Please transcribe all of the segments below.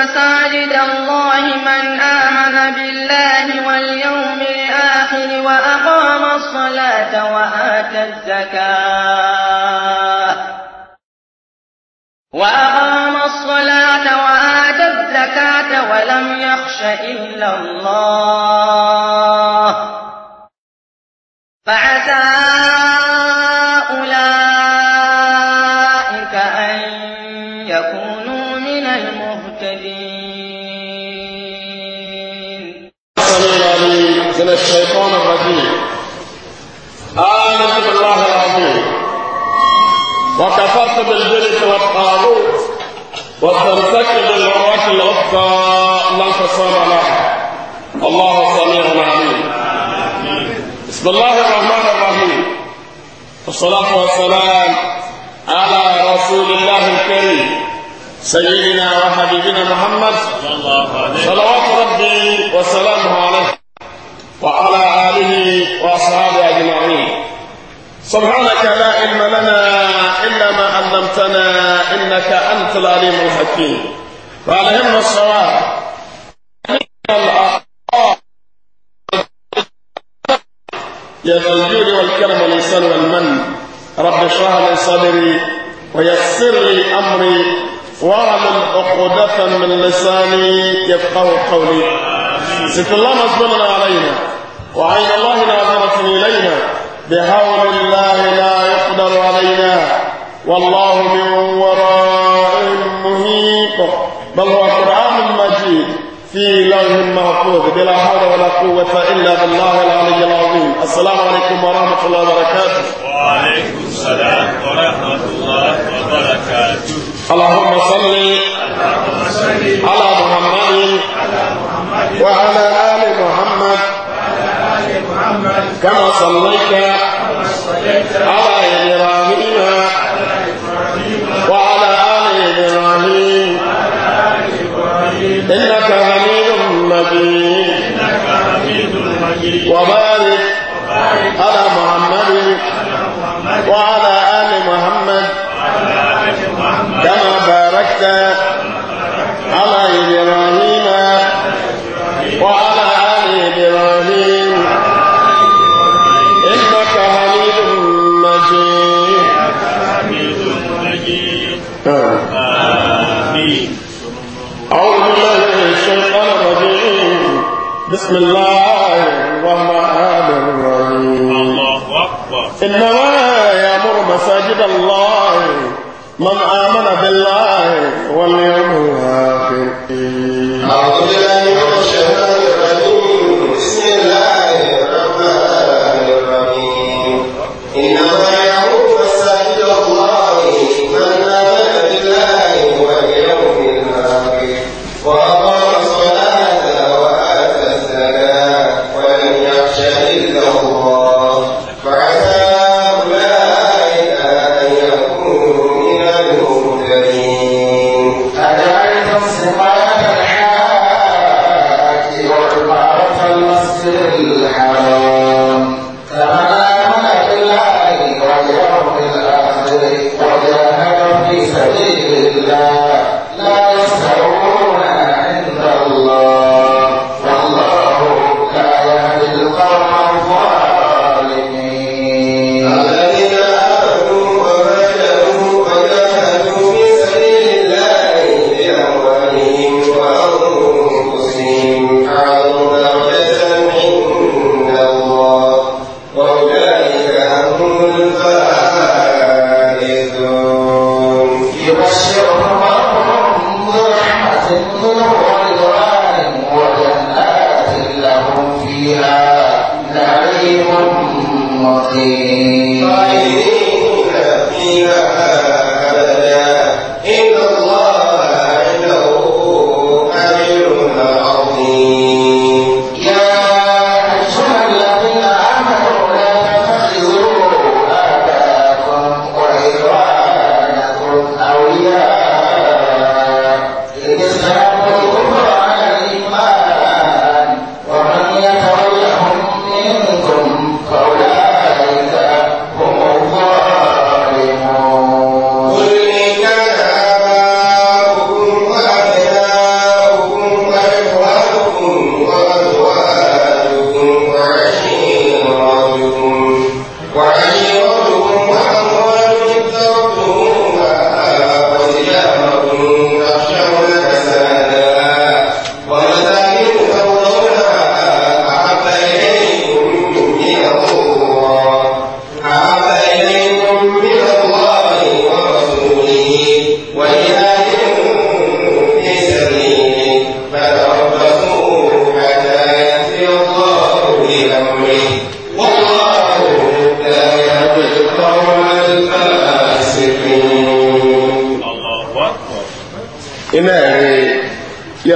مساجد الله من آمن بالله واليوم الآخر وأقام الصلاة وآتى الزكاة وأقام الصلاة وآتى الزكاة ولم يخش إلا الله واستمسكت بالعروة الوثقى لا انفصام لها الله سميع عليم بسم الله الرحمن الرحيم والصلاة والسلام على رسول الله الكريم سيدنا وحبيبنا محمد صلوات ربي وسلامه عليه وعلى آله وأصحابه أجمعين سبحانك لا علم لنا علمتنا إنك أنت العليم الحكيم وعليهم الصواب يا ذا الجود والكرم والانسان والمن رب اشرح لي صدري ويسر لي أمري واعمل عقدة من لساني يفقه قولي ست الله مسؤولنا علينا وعين الله ناظرة إلينا بحول الله لا يقدر علينا والله من وراء المهيط بل هو قرآن مجيد في لوح محفوظ بلا حول ولا قوة إلا بالله العلي العظيم السلام عليكم ورحمة الله وبركاته وعليكم السلام ورحمة الله وبركاته اللهم صل على محمد وعلى آل محمد كما صليت على إبراهيم إنك حميد مجيد وبارك على محمد وعلى آل محمد كما باركت على إبراهيم وعلى آل إبراهيم إنك حميد مجيد آمين أعوذ بالله الشيطان الرجيم بسم الله الرحمن الرحيم الله أكبر إنما يأمر مساجد الله من آمن بالله واليوم الآخر أعوذ بالله من الشيطان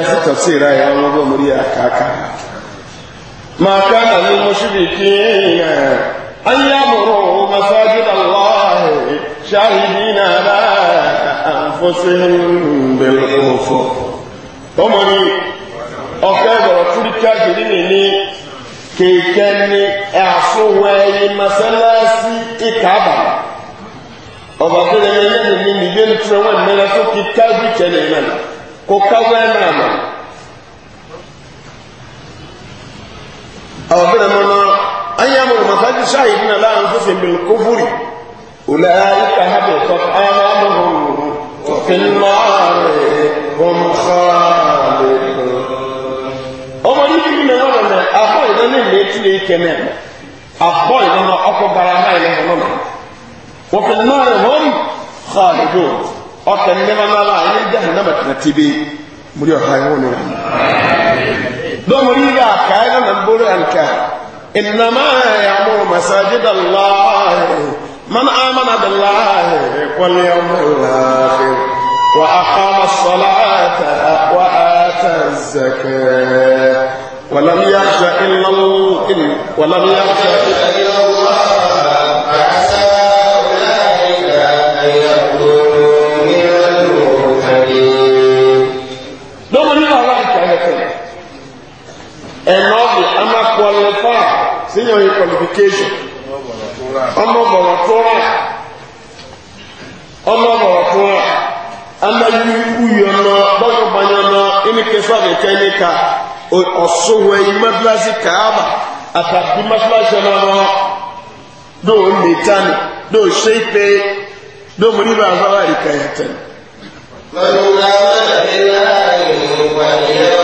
maka. tafsira ya wọ́n mú rí àkàkà ma káàkà ní mọ́ṣíríkì náà an yàmùrù masájúdàláhì ṣáàrìdì náà àfọ́síhìn bẹ̀rẹ̀ ọ̀fọ́ ọmọ ni ọ̀fẹ́ ìbọ̀rọ̀ ko kawɛna ma awa bɛrɛ nɔnɔ an y'a mɔgɔ masaji sahi bina la an fosi bil kufuri ula i ka habi kɔf amamuhum fil naari hum khalidun ɔmɔ ni bi na nɔnɔ mɛ a fɔ ne mɛ tile kɛmɛ a fɔ yɛrɛ nɔ aw ko baara n'a yɛrɛ nɔnɔ mɛ wa ọkẹ nneema n'ala ẹni jahannama tẹnati bi mo di ọha ẹwọn ni wọn. dọ́mọ yìí bá a kà ẹ́ nà mbóró ànkà ìnàmá yàmú masájí dàlá man amana dàlá kọ́lé ọmọ ìlàfẹ́ wà á kọ́ ọmọ sọ́lá wà á tà zẹkẹ́ wàlámiyàjá ìlàlú wàlámiyàjá ìlàlú. ẹnọọbì ama kọlifà senior year qualification ọmọ bọ̀rọ̀ tóra ọmọ bọ̀rọ̀ tóra ama yi uyọ nọ bọ́dọ̀ nọ ẹni kẹsàn án kẹ́ ẹni ká ọ̀ṣọ́wọ́ ẹ̀yìn o o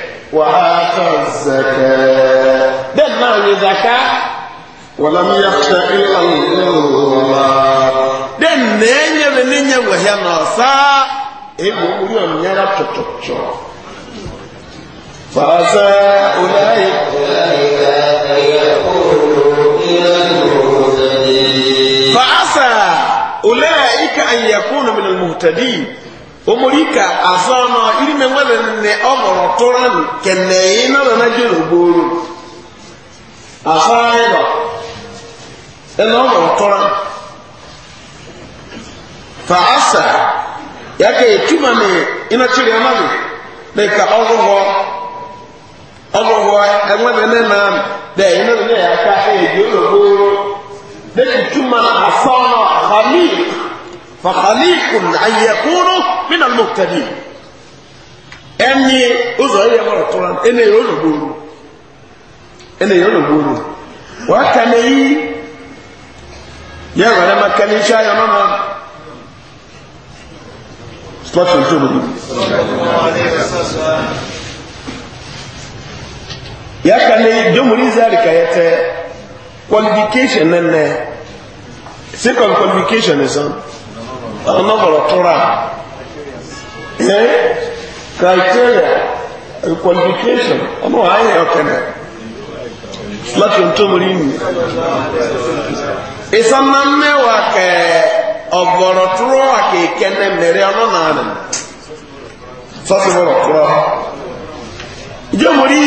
وآتى الزكاة دمع الزكاة ولم يخش إلا الله دمني بني وهي نصا إبو يوم يرى تتوتشو فعسى أولئك فعسى أولئك أن يكونوا من المهتدين omorika azụ ọnụ irime nwere nne ọ mụrụ tụrụ nụ kene ị nọrọ na gboro anyị nọ ene ọ mụrụ tụrụ fa ya ka etuma na ịnachiri ọma na ka ọgwụgwọ ọgwụgwọ enwere nne na anụ da ị nọrọ na ya aka eji ụlọ gboro dịka na asa ọnụ فخليق أن يكونوا من المهتدين أني أزعي مرة طولان أني يولو بولو أني يولو بولو وكاني يا ما كان يشاء يا ماما صلاة الجمهور يا كان جمهور ذلك يت qualification أن second qualification is on ọ̀nà ọ̀rọ̀ tóra ẹ́ criteria qualification ọmọ ayé ọ̀kẹ́nẹ̀ láti tó mú rí mi ìsọ́nà mẹ́wàá kẹ ọ̀gọ̀rọ̀ tóra wà kéèké ní mẹ́rẹ́ ọ̀nà náà nì sọ́sì ọ̀rọ̀ tóra ìjọ mú rí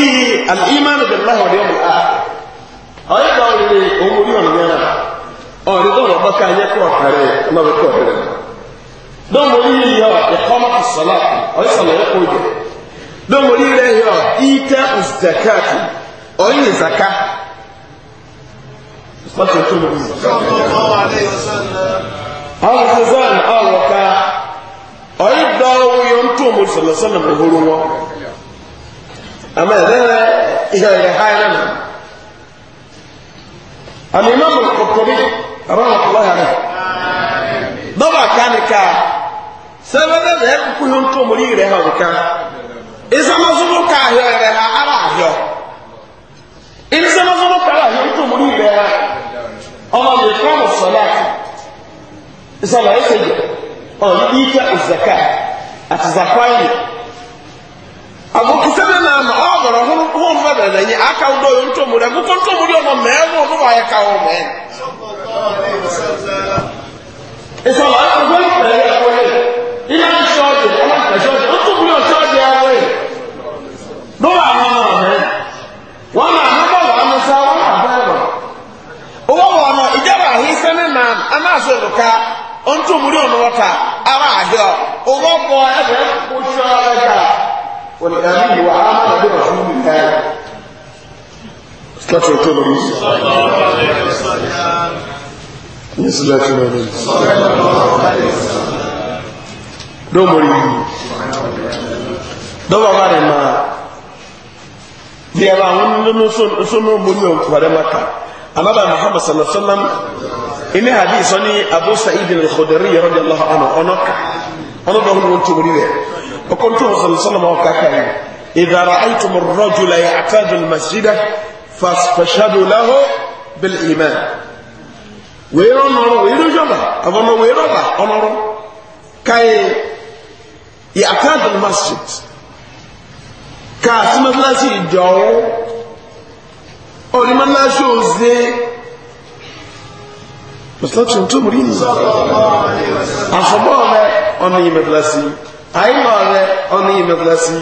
alìmánu bẹ̀rẹ̀ láwọn ọ̀dẹ́ ọ̀mù á ọ̀yẹ́ta ọ̀rẹ́ ọ̀mù rí ọ̀nà náà ọ̀rẹ́ tó ọ̀rọ̀ bọ́ká yẹ kọ́ ọ̀kẹ́rẹ́ ọ̀nà bẹ̀rẹ̀ don mori yi yɔ ɛkɔma ti sɔlɔ ɔyi sɔlɔ yɛ k'o jɔ don mori yɛ yɔ ita zakati ɔyi yɛ zaka sɔtɔ tó mori yi. awo sisan awo ka ɔyi dɔwɔ yɔn tó mori sɔlɔ sɔlɔ mi horo wɔ ama ɛdɛ yɛ yɛ ha yɛ nana alimami kɔkɔbi rahmatulahi alayi dɔwɔ akanika sɛbɛdɛ dɛ kuku yɛ ntɔ mori yɛrɛ ha ɔka nsɛmɛsɔmɔ ka ahɛ yɛrɛ ha ara ahɛ nsɛmɛsɔmɔ ka ahɛ ntɔ mori yɛrɛ ha ɔmɔ mi kɔ mo sɔlɔ ati nsɛmɛ ɛsɛ yɛ ɔn ika zaka ati zakwa yɛ agokisɛ bɛ naa ma ho ho nfa bɛ na nye aka wo dɔ yɛ ntɔ mori akokɔ ntɔ mori ɔmɔ mɛɛ mo ɔmɔ ayɛ ka wo mɛɛ nsɛmɛ ɛsɛ yɛ. ló wà àwọn na rẹ̀ wọ́n máa ń bọ̀ wọ́n mú sá wọ́n máa bẹ́ẹ̀ lọ. owó na ọ̀nà ìjọba àhín sẹ́ni nà amáṣe ara àjọ owó bọ̀ ẹ̀fẹ̀ ya sọ ẹ̀ka wọ́n ẹ̀mí ìwà amáṣe òrùka Slačio je to dobro. diẹ la àwọn nínú sọnù múlò wàrẹ maka anaba muhammad sallallahu alaihi wa sallam ilé hadi sọ ni abu sa'id al-khudari yẹrọ di allah ọnà ọnà ká ọnà dọ̀ ọhún tó wuli rẹ ọkọ tó wọn sallallahu alaihi wa sallam ọkà ká yìí idara aitu mu rọjò la yà àtàdùn masjida fashadu lahu bil iman wéèrè ọnọrọ wéèrè jọba àbọnọ wéèrè ọba ọnọrọ káyé yà àtàdùn masjid. kaasi mọ́sálásí ìjọ̀wọ́ ọ̀rẹ́ mọ́sálásí òze mọ́sálásí tó mú rí mi àṣọ́bọ̀ rẹ ọ̀nà yìí mọ́sálásí àyíwọ̀ rẹ ọ̀nà yìí mọ́sálásí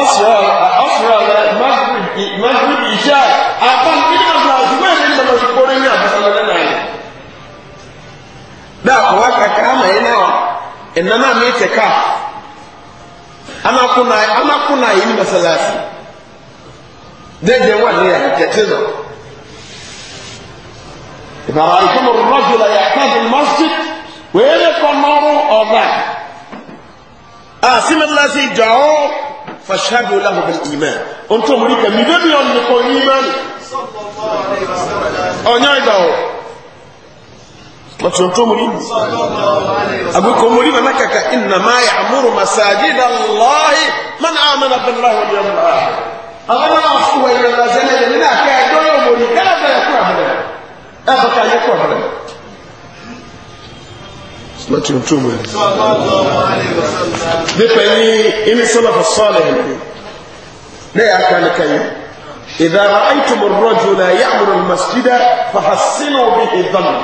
ọ̀ṣọ́ rẹ mọ́sálásí ìṣá àpọ́n kí mọ́sálásí wọ́n yẹn lè lọ́sí kórè ní àbúrò náà yẹn. dáàbò wá mi tẹ̀ káà amakuna amakuna yi masalasi dẹjẹ wà ní àjẹtẹ lọ ìbára ìtumọ̀ rọ́jùlá yàtọ̀ masjid wẹ́ẹ́rẹ́ kọ́ nọ́rọ̀ ọ̀gá àsìmẹ́lẹ́sì ìjọ́ọ́ fàṣàbí oláhùn ìmẹ́ ohun tó mú ní kẹ́mi bébí ọ̀nà kò ní ìmẹ́ ọ̀nyá ìgbà ọ̀. وتنتمري أقولكم مري منكك إنما يعمر مساجد الله من آمن بالله واليوم الآخر صلى الله عليه وسلم بفني إن السلف إذا رأيتم الرجل يعمر المسجد فحسنوا به الظلم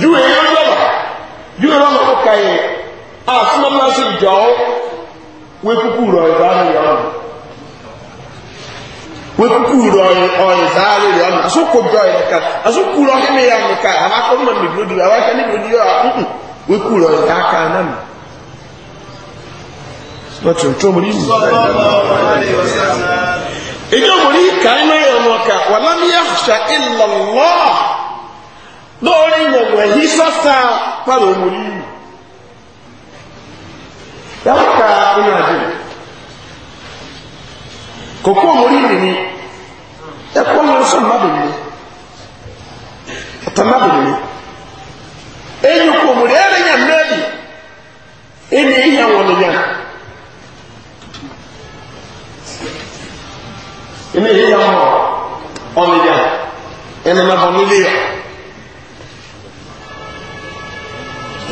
juwe yɔlɔlɔ yɔlɔlɔ ko e ka ye a sumama se jɔ wekuku rɔ ìdáhùn e yɔlɔ wekuku rɔ ìdáhùn e, yɔlɔ asoko jɔ yɛ ka asoko rɔ hɛmɛ yɛ mi ka a b'a fɔ ma mi bolo di a b'a fɔ ne bolo di yɔ a kun rɔ ìdáhùn kan na mi. lọ́tún tó mo ní ìlú. ìjọba ní kàánú yọ̀ wọn kà wàlámíyà ṣà ìlàlọ́ọ̀ lórí ìwọ̀wọ̀ èyí sọ́sà pàdé òmòrí yìí yàtà inú àjò kòkó òmòrí yìí ni ẹ̀kọ́ yóò sọ mmadùn ni ọ̀tọ̀ mmadùn ni èyí kò òmòrí ẹ̀rẹ̀ yẹn mẹ́rin ẹni ìyá wọn ni yẹn ẹni ìyá wọn ọ̀nìyàn ẹni nàbọ̀ nílé yẹn.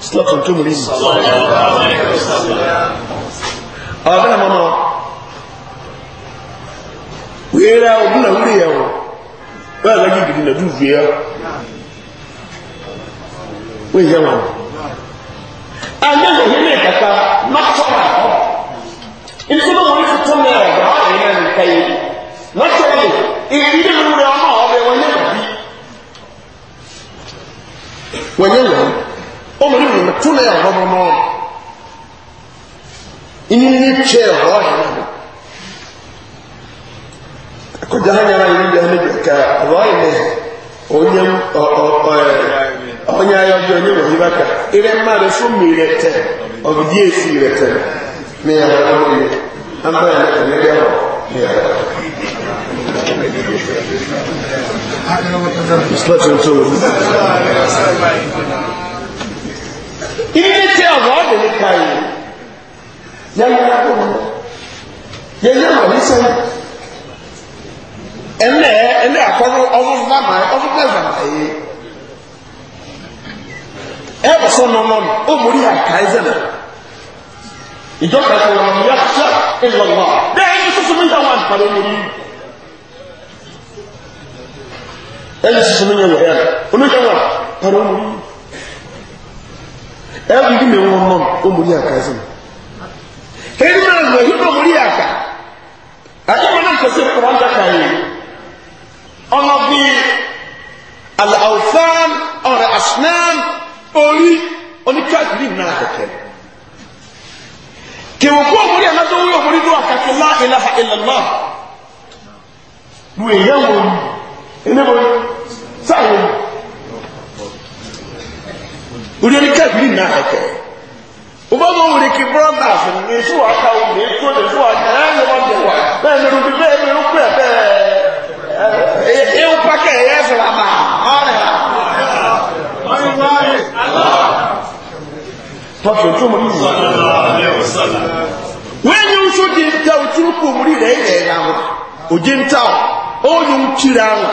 slot tó mú léyìn. ọ̀bẹ náà mọ́nà wíra ogun náà wúlò o bẹ́ẹ̀ lọ́jọ́ ìgbìmọ̀ náà dùn fìyà wọ́n yẹ wọn. àyẹ̀ wò ní ìkàkà mọ́tọ́rà ọ̀ ìfúnná wọn fi tó mẹ́rin ọ̀gá ọ̀rẹ́ yẹn nìkan yìí mọ́tọ́rà yìí ìdílé wúra ọmọ ọ̀bẹ wọn yẹ wọ́n yẹ wọ́n ọmọ nínú mi tún lẹ́yà ọ̀rọ̀ mọ́ inú ní kyẹ́ ọ̀rọ̀ yẹn náà akọjá hàn yàrá yìí níbi ẹni kẹkẹ ọ̀rọ̀ yẹn náà onye e, onye ayé ọjọ́ onye wọ̀ yìí bàkà eré mmadụ fún mi rẹ tẹ ọ̀bìdí èsì rẹ tẹ ní yàrá ọmọ yìí anbẹ yẹn náà ẹni bẹ́ẹ̀ wọ̀ ní yàrá. Slutty and tools ilé tí ọ̀rọ̀ ọ̀dẹ̀ ní ka yìí yẹ́yẹ́ lábọ̀ wọn yẹ́yẹ́ wọ̀ ní sẹ́yìn ẹnlẹ́ ẹnlẹ́ àkọ́rọ́ ọdún bàmà ọdún bẹ́ẹ̀ bàmà yìí ẹ wọ̀ sọ nọ nọ́ọ̀nù ó mórí àká ẹsẹ̀ náà ìjọ kẹsàn-án wọn ni yàtọ̀ sọ ìlọ̀lọ̀ bẹ́ẹ̀ ẹni tuntun mi yà wọn àpàlẹ́ wọn yìí ẹni tuntun mi yà wọn yà wọn oníjàwọn àpàlẹ́ wọn ẹ̀rù yìí mi wọ́n mọ́n ó mú ní àká ẹ̀sìn mi. kéde náà lọ yìí náà mú ní àká àdébọ̀ náà kò sí kúrọ̀ ńdàkà yìí ọmọ bíi àlàáfáàn ọ̀rẹ́ àṣìnáàn orí oníkàtí yìí náà kẹ̀kẹ́ kèwò kó òmùrí ànájọ́ wúlò òmùrí ló àkàtì lá ìlàhà ìlàlá lu èyí àwọn ẹni bọ̀ sáà wọ̀ uriani kafiri na hake ubaga uriki brothers nisu aka uri kode su aka nani wande wa na ne rubi be be ukwe be e upake yesu lama ore Tọ́fẹ̀ tó mọ̀ nínú ìwọ̀n. Wẹ́n yóò sóde ń ta òtúrúkú òmùrí rẹ̀ ilẹ̀ ìlànà. Òjé ń ta ọ̀, ó yóò ń tira àwọn.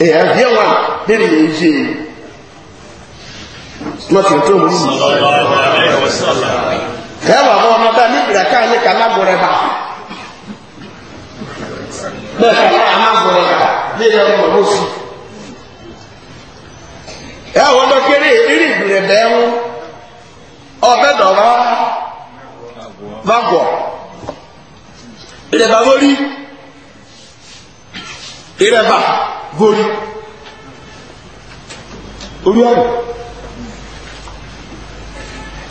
ɛyà ahiɛ wa bɛrɛ yɛ yie lọsi tó mu yi kẹ́ wà bọ́ ọmọ bẹ́ẹ̀ níbi ẹ̀ka yẹ ká má gbọ́rẹ̀ bá bẹ́ẹ̀ ká yẹ ká má gbọ́rẹ̀ bá bí ẹ̀ ọmọ bó si ẹ̀ wọ́n bẹ́ kéré eré ìbìlẹ̀ bẹ́ẹ̀ mú ọbẹ̀ dọ̀rọ̀ bá gbọ́ ìdẹ̀bà wọ́n ìrẹ́bà gorí orí ọ̀rọ̀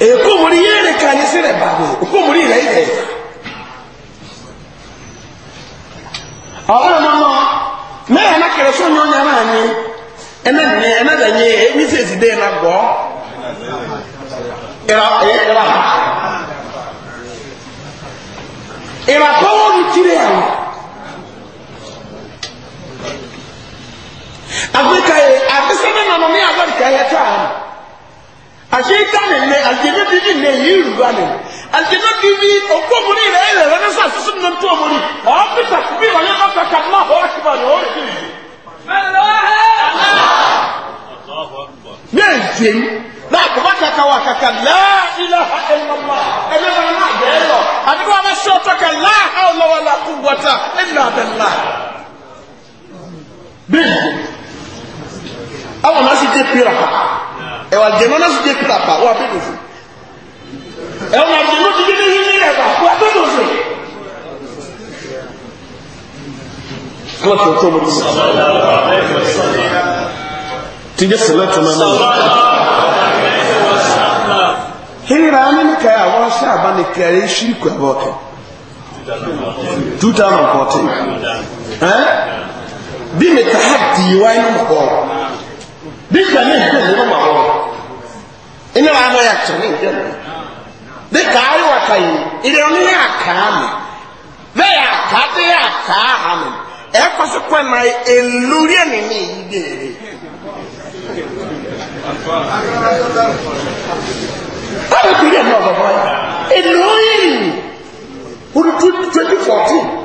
èkó múrí yé rẹ̀ ká yé sí rẹ̀ bá wò èkó múrí rẹ̀ yẹ̀ ọ̀rọ̀ mọ́mọ́ mẹ́rin náà kẹrẹ sọ́nyọ́ nyàrá ni ẹnẹ́ ní ẹnẹ́ dẹ̀ nyé ní sèzì dé na gbọ́ ìrà ìrà ìrà kọ́wọ́ mi kiri àwọn. afirika yi abisani nana mi afirika yɛ tɔ ano ahyɛnta ne nne agyina bibi nne yi rura ne agyina bibi okomori yɛrɛ yɛrɛ yɛrɛ ne sɛ asisi ne nto omori ɔfisa kubi wɔnyɛ kɔkɔ kakuma hɔ akiba ne ɔre bi yi. ne nzem na akɔba kaka wa kaka laa ilaha illallah ɛnɛ e wɔn na bɛɛ lɔ adi wɔn bɛ sɛ ɔtɔ ka laa hawla wala kuwata ɛnna bɛ laa awa na si je pira pa ẹwà jẹmọ na si je pira pa wà bẹ dòfò ẹwà na jẹmọ ti je ní ní ẹgbà wà bẹ dòfò. Kọ́lá tó tó mọ̀lú. Ti jẹ́ sẹ̀lẹ̀ tó máa náà. Hira ni ni kẹ́ àwọn sábà ni kẹ́rẹ́ ṣírìkù ẹ̀bọ̀ kẹ́. 2014. Bí mi ta ha dì wáyé nínú bọ́ọ̀lù dịka na nke ndị ọma ọrụ ịnye ha ahụ ya chọ na nke ndị dịka anyị wata yi ịdị ọnụ ya aka ama bee ya aka dị ya aka ama ekwesịkwa na eluri na eme eyi ga-ere ọ bụ kiri ọgbọgbọ ya eluri 2014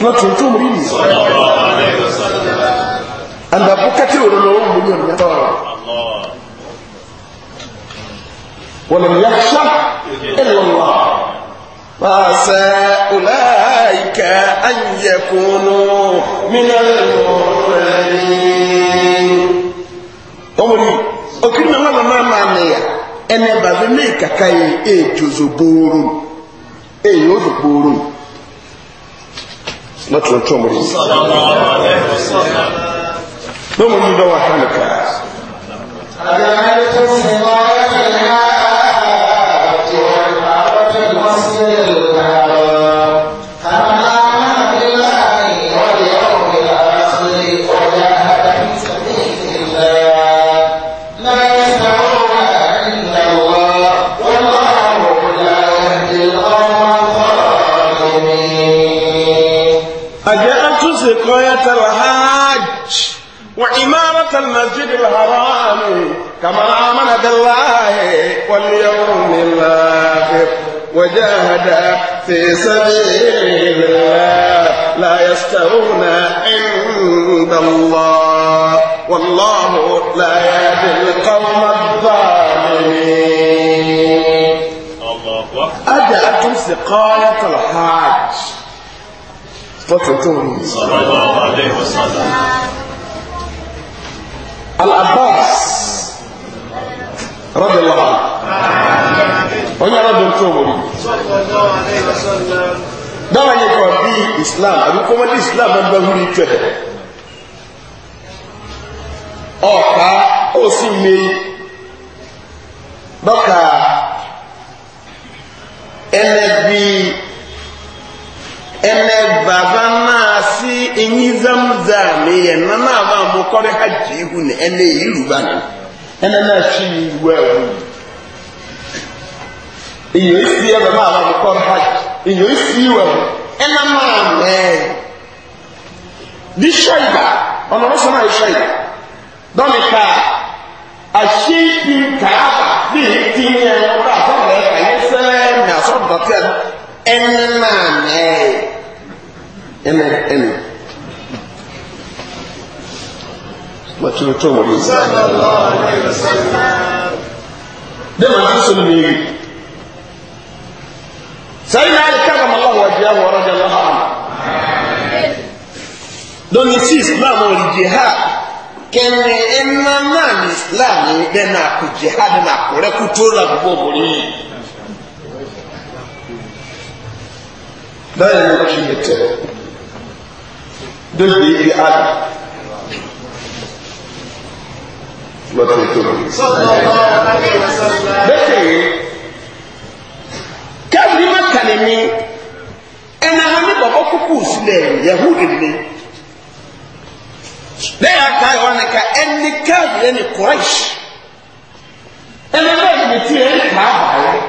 not in two minutes. And the bucket will know million dollars. ولم يخشى إلا الله فعسى أولئك أن يكونوا من المؤمنين أمري أكرم الله ما معنى أنا بذنيك كي أجوز بورون أجوز بورون na tuntun mu ne. Don mu yi dawa kan واليوم الآخر وجاهد في سبيل الله لا يستوون عند الله والله لا يهدي القوم الظالمين أجأتم سقاية الحاج فتتوني صلى الله عليه وسلم العباس رضي الله عنه onye ọrụ dọkịta obodo dáwọn yẹ kọ bí islam àbí kọ́mọ́dé islam máa ń bá wúri tẹ̀ ọ̀ka ó sì mé bọ́kà ẹnẹ́bí ẹnẹ́ bàbá náà sí eyín zamzam yẹn náà náà bá mú kọ́rẹ́ hajj ihu ní ẹnẹ́ ìlú bá nù ẹnẹ́ náà sí ìlú ẹ̀wọ̀n yìí ìyẹn esi ẹbẹ máa wà lóko ọba ìyẹn esi wẹ ẹnna máa mẹẹ di ṣẹyìnbá ọmọ ọlọsọ náà ṣẹyìn dọ́ni ká àṣeyí kàába bí ti ń yẹ ọba àtọ́nà ẹ̀ ẹ̀yẹ sẹ́ẹ̀ ní asọ́dọ̀tẹ́ ẹnna mẹẹ ẹnna ẹnna. Bàtí o tó wọlé. Bẹ́ẹ̀ ni a ti sọ ní mi. سيدنا علي كرم الله وجهه ورضي الله عنه لون يسي اسلام والجهاد كان اما ما الاسلام دنا كجهاد نا كره كتولا بوبوري لا يمكن دول بي علي ما تقول صلى الله عليه وسلم káfíń má mi ẹnna ha ní bàbá kúkú sílẹ̀ yahudi ni bẹ́ẹ̀ aka yọ ọ́nà ká ẹni káfíń ẹni kọ́ọ̀ṣì ẹni bẹ́ẹ̀ ni tí ẹni kàá bàárẹ̀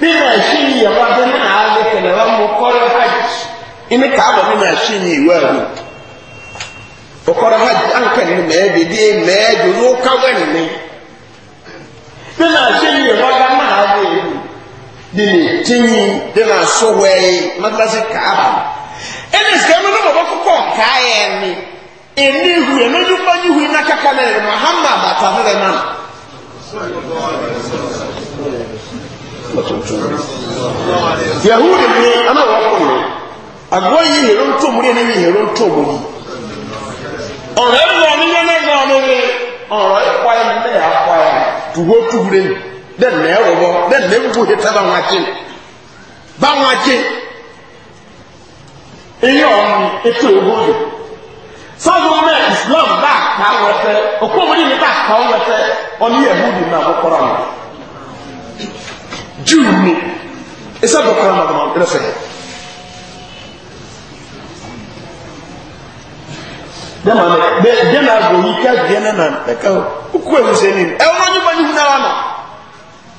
bí wọ́n ṣe yí ẹ̀wọ́ adé náà á lè kẹlẹ̀ wọ́n mú kọ́rọ̀ hajj ẹni kàá bọ̀ bí wọ́n ṣe yí ìwé ẹ̀wọ́ ọkọ̀rọ̀ hajj ankẹ́ni mẹ́ẹ̀ẹ́dẹ́dẹ́ mẹ́ẹ̀ẹ́dẹ́ ló káwẹ́ nìyẹn bí wọ́n ṣe yí ẹ̀wọ́ adé dini tinyi dini asowɛyi madrasi kaaba ɛna sika mu no bɔbɔ kɔkɔ kaayɛ ni ɛni hu ɛna nyuma nyi hu ina kaka na yɛrɛ muhammad atahore na yahudi ni ana wɔ mu agbo yi hero ntomu yi yi na ɔrɔ yɛ dɛn nɛ ɛwɔbɔ dɛn nɛ ebubu hita ba wọn akyi ba wọn eyi ɔmo etu ewu islam bá ká wọn fẹ òkú omi ni bá ká wọn fẹ ɔni yahudi náà na kọrọ wọn juu ni esa bɛ kɔrɔ nàbɔ nàbɔ ɛrɛfɛ dɛmɛ ká diɛ nana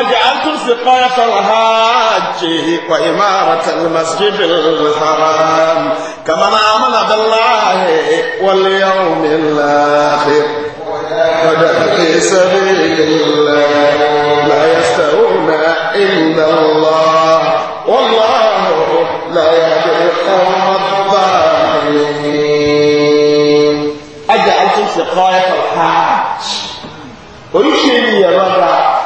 أجعلتم سقاية الحاج وإمارة المسجد الحرام كمن آمن بالله واليوم الآخر وجد في سبيل الله لا يستوون إلا الله والله لا يهدي القوم الظالمين أجعلتم سقاية الحاج ويشير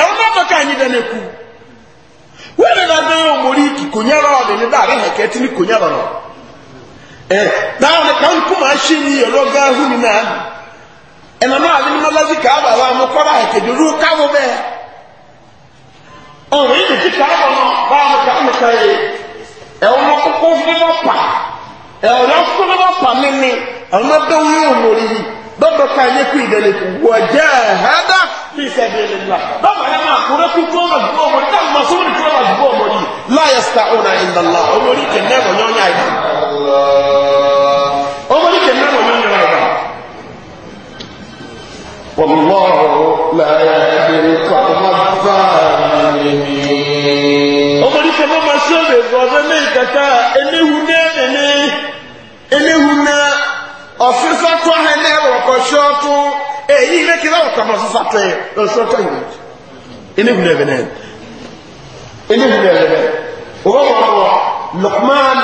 ẹ̀wọ́n náà tọ́ka ẹ̀yìn dẹ́nu ẹ̀kú wọ́n lè dàgbé yóò mórí kì kò nyẹ́ lọ́rọ̀ ní dá àrẹ́ ẹ̀ dáhùn ká ń kú màá ṣe ní ọlọ́gá ahùn mi náà ẹ̀nà náà àbí mímọ́ lọ́sí káàbà wa mo káwọ́ bẹ́ẹ̀ ọ̀rọ̀ yìí ti káàbà náà dɔbɔ kaa nye kui dɛlɛ wɔjɛ hɛdɛ fi sɛbili la dɔbɔ yɛ maa kure ku tó ma dùgbò mɔ dɛ ma sɔmi tó ma dùgbò mɔ yi láyé sita ona inda la omori kɛ nɛ wɔnyɔ nya yi omori kɛ nɛ wɔnyɔ nya yi wɔlɔɔ la yɛ ɛdini kɔkɔmɔ baa mi. omori kɛ mɔ ma ọ̀ṣọ́tú èyí ilé kí lọ́wọ́ kọ̀ọ̀mọ̀ sọ́sọ́ tẹ̀ ọ̀ṣọ́tú ìlú ilé ìlú ẹ̀bẹ̀ náà ilé ìlú ẹ̀bẹ̀ náà owó wọn wọ lukman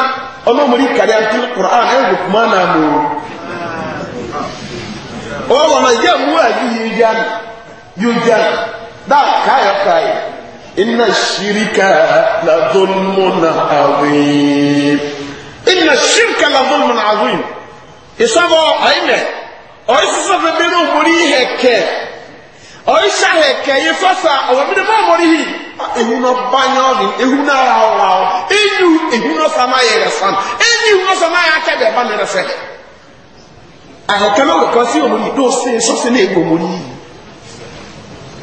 ọlọ́mọdé kàdé àti quran ẹ̀ lukman náà mú owó wọn náà yẹ mú àyè yìí jẹ́ yóò jẹ́ dáa káyọ̀ káyọ̀ inna shirika la dhulmun azim inna shirika la ìsọ́bọ̀ àyìnbẹ̀ ɔyɛ sisa bebe na omori yi hɛkɛ ɔyɛ hyɛ hɛkɛ yɛ fasa ɔwɔ bi de ma omori yi ehu na banya ɔdi ehu na rawraw enyu ehu na sama yɛ rɛsan enyu ehu na sama yɛ akɛ bɛɛba na rɛsɛ ahɛkɛ na ɔkɔ si omori yi do se so se na egu omori yi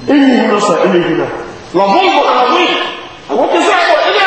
enyu ehu na sa ɛna ehu na lɔbɔn bɔ ɛna wei awɔ kese akɔ ɛna.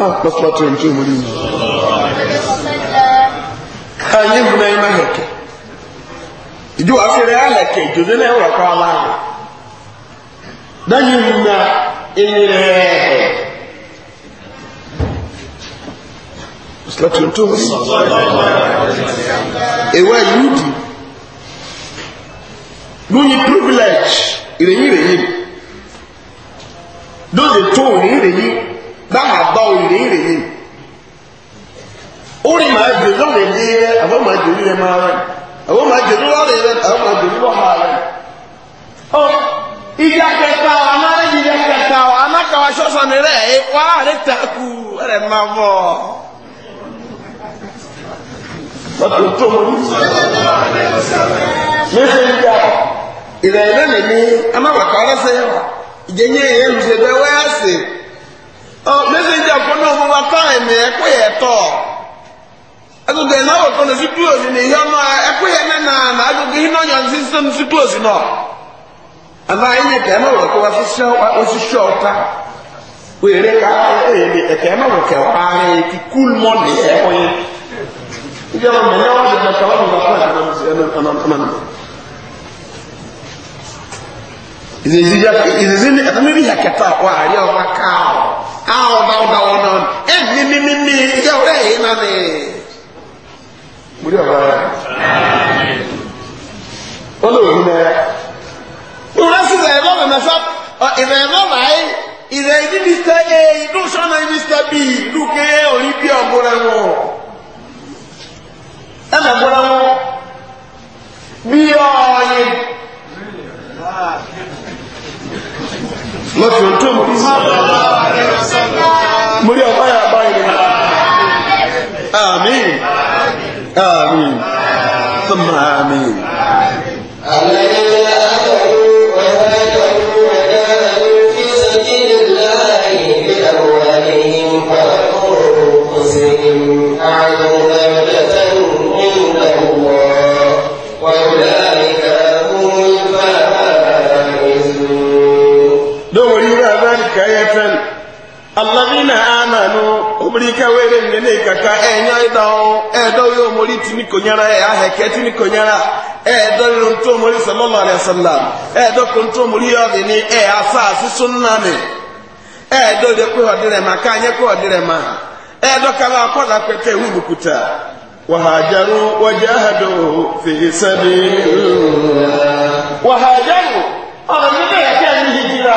pọ́sílọ́tì ohun tí ó múlí ní ẹ̀yìn ìgbìmọ̀ ẹ̀yìn mẹ́hẹ̀kẹ́ ìjú wa fẹ́rẹ̀ ẹ̀lẹ́kẹ́ ìjòdè náà wà kọ́ aláàrẹ̀ lẹ́yìn ìgbìmọ̀ ìrìnrẹ̀ ẹ̀hẹ̀ pọ́sílọ́tì ohun tí ó múlí ẹ̀wà yìí dì lóyìn privilege ìrẹ̀yìn ìrẹ̀yìn lóyìn tó ìrẹ̀yìn dáhà gbá olè èrè yìí orí màá jò lọ́rẹ̀ lé rẹ àwọn màá jò lé máa rẹ àwọn màá jò lọ́rẹ̀ rẹ àwọn màá jò lọ́ha rẹ. ọ ìyá kẹta ọ anáyẹ ìyá kẹta ọ anákàwá sọ́sọ́ ni rẹ̀ ẹ wá rẹ̀ takú rẹ̀ máa bọ̀. Bàtò tó mo ní sọ. Mi ṣe ń jà. Ìrẹ̀lẹ̀ mi ni amáwàkọ́ ọlọ́sẹ̀ yẹn wà. Ìjẹ́nyẹ́ yẹn ń ṣe bẹ́ẹ̀ wáyà sí messenger kò ní ọmọ wa táìmì ẹkọ yẹ tọ agogo ẹna wọ kọnọ sí close ní ihe ọmọ ẹkọ yẹ nana na agogo ihe náà yàn sísè ní sí close náà àná ẹnyẹ kẹ ẹna wọ kọ wa sísè wa sísè ọta wèrè ká ẹyẹmi ẹkẹ ẹna wọ kẹ wá ẹ ti cool mọni ẹkọ yẹ ìdí ọmọ mi ẹyẹ wọn ti dọkítà wọn bọ fún ẹnà ẹnà ẹnà ẹnà ìdí ìdí ẹtọ́ mi bí yà kẹta wà á ọba káà. A, awo dawo dawo na ɛni mímímí yɛwòrɛ yìí nani múlí ọ̀rọ̀ rẹ̀ ó lè wù mẹ́. Ìwé sísè ẹ̀rọ rẹ̀ mẹ́fà ìrẹ̀ ẹ̀rọ rà áyé ìrẹ̀ ìdí Mr. A ìlú sọ́nà Mr. B ìlú ké orí bí ọ̀gbọ́n wọn. Ẹ mọ̀ gbọ́n wọn bí ọ̀ọ́yẹ lọ́fi ohun tó mọ̀ mo rí ọ̀pá yà bá ìrìn àmín àmín fúnmọ̀ àmín. أعوذ obrika were na ikaka enyo idawo edo yo mori tini konyara ya e heke tini konyara edo yo nto mori sallallahu alaihi wasallam edo konto mori yo ni e asa si sunna ni edo de ko odire ma ka anye ko odire ma edo ka ba ko da kwete wu wahajaru wajahadu fi sabilillah wahajaru ọ̀rọ̀ nígbà yẹn kí ẹni hijira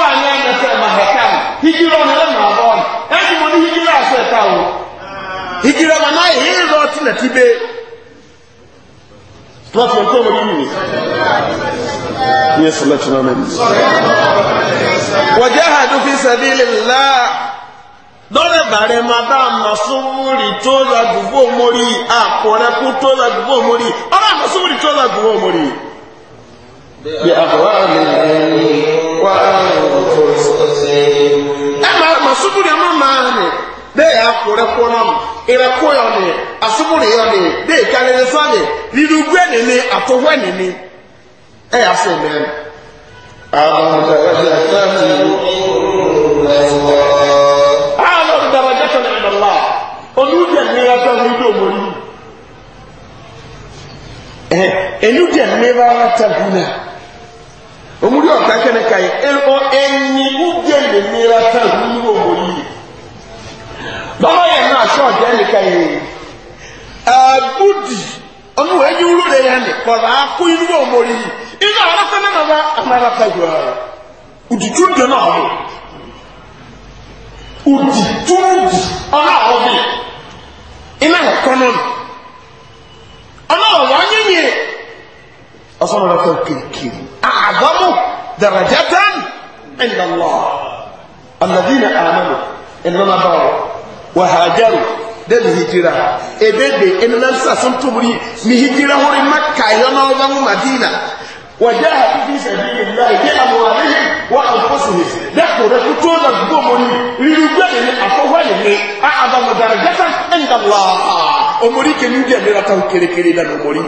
hijira ọ̀nà ẹ̀rọ náà bọ̀ ọ̀nà hijira àṣọ ẹ̀ka o hijira ọ̀nà na ti bẹ́ẹ̀ tọ́fọ̀ tó wọ́n yìí ní ẹ̀sìn lẹ́tìn náà mẹ́rin. wọ́jà hàdú fi sẹ́bí lélá lọ́rẹ̀ bàrẹ̀ máa bá àmàsúmúrì tó lọ́gbùgbò mórí àpọ̀rẹ́kú tó asuburi ama maa ni bẹẹ yà kúrẹ kó náà mu ìrẹkó yọ ni asuburi yọ ni bẹẹ kálí ní sọ ni rírúgbó ẹni ni àtọwọ ẹni ni ẹ yà sọ mẹrin. àwọn dàrájà sáàmì àwọn dàrájà sáàmì ìdàlá onídìẹ ní yàtọ̀ ní ìdí òmò yìí ẹ ẹnudìẹ ní bá wà tàbí náà. omuli ọka kene kaye ẹni ugye ne mmiri ata ahuru omuli bàbá yẹn náà sọ ọjà ẹni kaye agudi ọmọ wẹẹ yi wúlò lẹyìn ẹni kọlá akó inú omuli inú àwọn náà bá amara pẹlú ẹ òtútù dùn náà wọ òtútù dì ọ̀nà àwọn bì iná ẹ̀kọ́ أصلا لا توكيكي أعظم درجة عند الله الذين آمنوا إنما باوا وهاجروا دل هجرة إبدي إن ننسى سنتمري مهجرة هوري مكة ينوضم مدينة وجاهدوا في سبيل الله بأموالهم وأنفسهم دخلوا ركوتون الضمن لرجال أفوالهم أعظم درجة عند الله أمريكا يجب أن تنكر كريدا أمريكا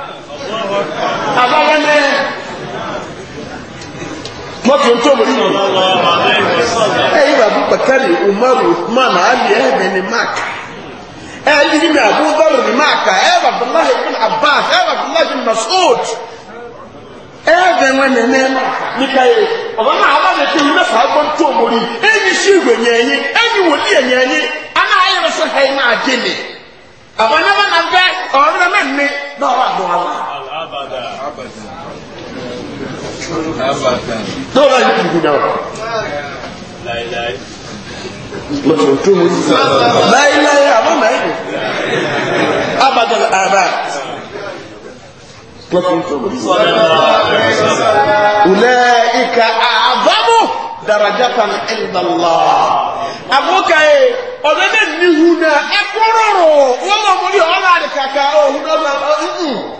àbára ní mọ́tò tó mọ̀ sí ẹ̀yìn bàbú pàtàkì umaru usman ali ebe mark ẹ̀yìn ní àbú bọ́ọ̀lù ni mark ẹ̀bà abdullahi bin abbas ẹ̀bà abdullahi bin masoud ẹ̀bẹ̀ wọn ní ẹ̀mẹ́ nìkàyè ọ̀bọ̀n náà àbá mi kéwì náà sàá tó mọ̀ rí ẹ̀yìn sí ìwé nyẹ̀yìn ẹ̀yìn aná mẹ́ni náà wà tó bá yìí kìkì náà lọ́sọ̀rọ̀ tó mú sí láíláí àmọ́ náà yìí abadal ara lọ́sọ̀rọ̀ tó mú sí ulẹ̀ ìka àbámu darajatan indala abokaye ọ̀dọ́ náà nihu náà ẹ̀kọ́ rọrùn wọ́n mọ̀ mọ́ ní ọ̀la àdìkàkà ọ̀hún náà ọ̀hún.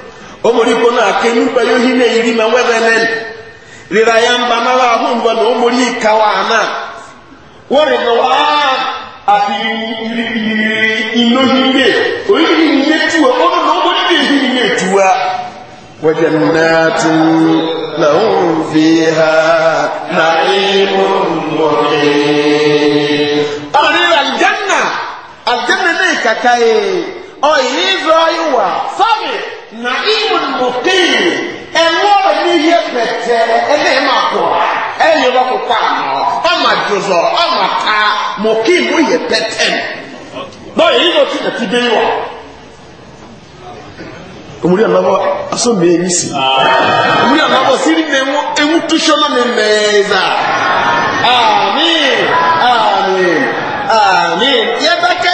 omoriko na kenyumba yohine irima wevenen rirayamba n'abahumba n'omurika wana woreno wa ati inohine oyirinye tuwa ono n'omurika ehirine tuwa وجنات لهم فيها نعيم مقيم أمر الجنة الجنة ka كاي ọ̀yìnbó ìwà sábì na ìmùn mọ̀kì ẹ̀wọ́ ní yẹ pẹ̀tẹ́ ẹ̀dẹ́ máa pọ̀ ẹ̀yẹ bá kó pa àná ọmọ àjòzọ ọmọ ta mọ̀kì mú yẹ pẹ̀tẹ́ mi lọ́yẹ̀ yìí ló ti tẹ̀tí bẹ́ẹ̀ wà. omuli anabɔ asome emisi ah. omuli anabɔ siri na ewu ewu tusɔ na ne mɛɛza amin amin amin yɛ bɛ kɛ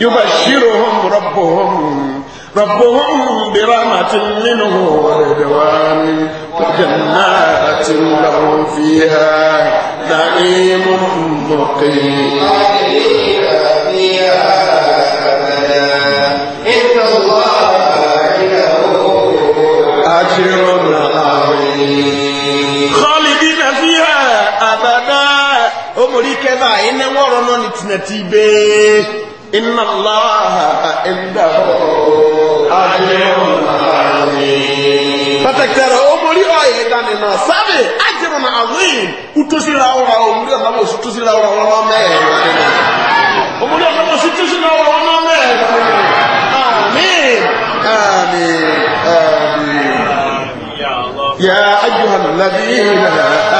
يبشرهم ربهم ربهم برحمة منه ورضوان وجنات لهم فيها نعيم مقيم فيها أبدا إن الله عنده أجر عظيم خالدين فيها إن ورنا نتنتي إن الله عنده أجر عظيم فتكتر أمري أيه داننا سابي أجر عظيم وتسي لأورا أمري أنا بس تسي لأورا ولا مهر أمري أنا بس تسي لأورا ولا مهر آمين آمين آمين يا أيها الذين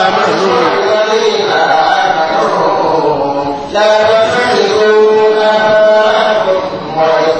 آمنوا لا تحرقوا أنفسكم ولا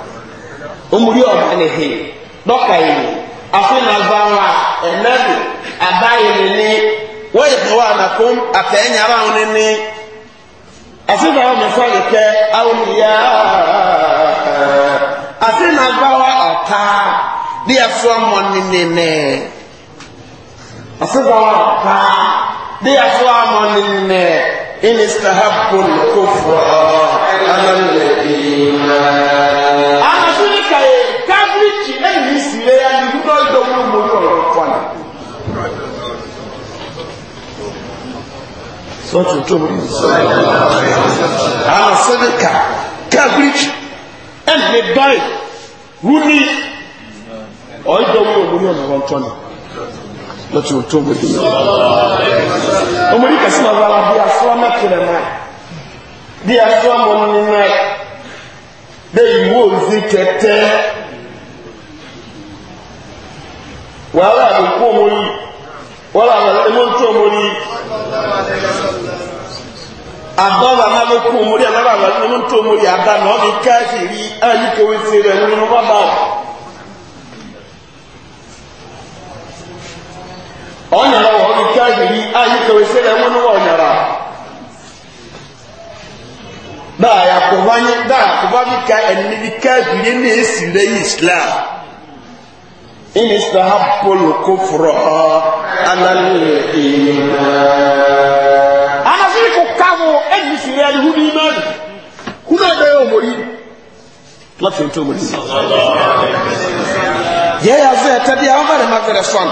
omuri ɔmanehe dɔkae afenabawa ɛnabi abayinini wɔyɛ fɔwɔ anakom apɛɛnyara ahonini afenabawa mɛfa lekɛ awoniya afenabawa ɔta bi afoɔ mɔninini afenabawa ɔta bi afoɔ mɔninini inistahabul kofra alalɛ iman. sọ́ọ̀tì tó mú yìí sọ́ọ̀tì àwọn sẹ́dẹ̀kà kábíríkì ẹ̀mí báyìí wú ní ọ̀ọ́dọ̀wọ́ òmùrí ọ̀nà wọn tọ́ni lọ́tì tó mú yìí òmùrí kẹsí máa wára bí asọ́ mẹ́kìlẹ̀ náà bí asọ́ mọ́ ní náà bẹ́ ìwó òsì tẹ́tẹ́ wàhálà àdókò wọn yìí. wọ́n àwọn ẹmọ́ tó mọ́ ní àdọ́là lábẹ́kú mórí alára àwọn ẹmọ́ tó mọ́ ní àdánà ọ́ ní káàkiri wọ́n ní káàkiri ayíkẹwé ti rẹ̀ nínú ọ̀nyàrá dáa yàkùbá ní ká na ní إن استحبوا الكفر على الإيمان أنا فيك كافو أجل سيري الهود إيمان هنا ده يوم وليد لا تنتم وليد يا يا زي تبي أمر ما غير صن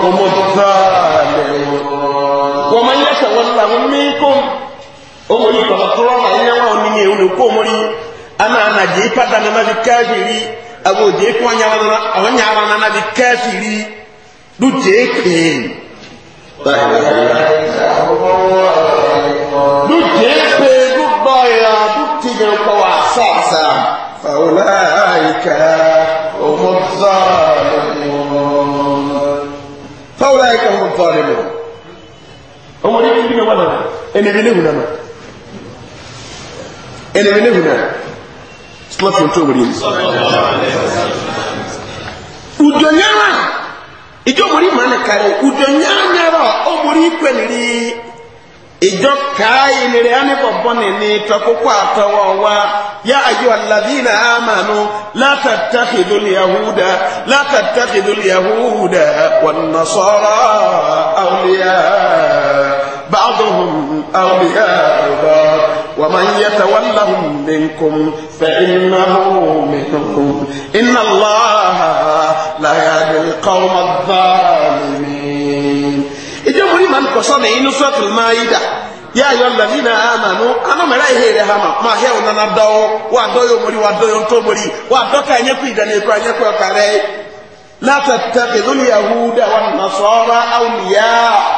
هم الظالمون ومن يتولهم منكم هم يتولون إلى ni ewu ko mori ana ana je pada na bi kafiri abo je ko nya wana awanya wana na bi kafiri du je pe du je pe du baya du ti je ko wa sasa fa ulaika hum zalimun fa ulaika hum zalimun ọmọdé ní bí wọn wà lọ ẹni bí léwu náà ẹni mi níhùn náà slọ́fún tó wòlíì ùdọ̀nyára ìjọ wòlíì máa nìka yẹ ùdọ̀nyára nyára ó wòlíì pẹ̀lú ìjọ káyé nìrẹ̀ á ní bọ̀bọ̀ nìní tọkókó àtọwọ́ wa yá ayọ̀ aladina amànú látàtàkì yahuda látàtàkì yahuda wọn nà sọ̀rọ̀ àwòlíyà bàdùn àwòlíyà rọ̀. ومن يتولهم منكم فإنه منكم إن الله لا يهدي القوم الظالمين إذا مريم أن قصنا إن سورة المائدة يا أيها الذين آمنوا أنا ملاي هي هما ما هي أنا نداو وداو مري وداو تومري وداو كأني كيدا نيكوا نيكوا لا تتخذوا اليهود والنصارى أولياء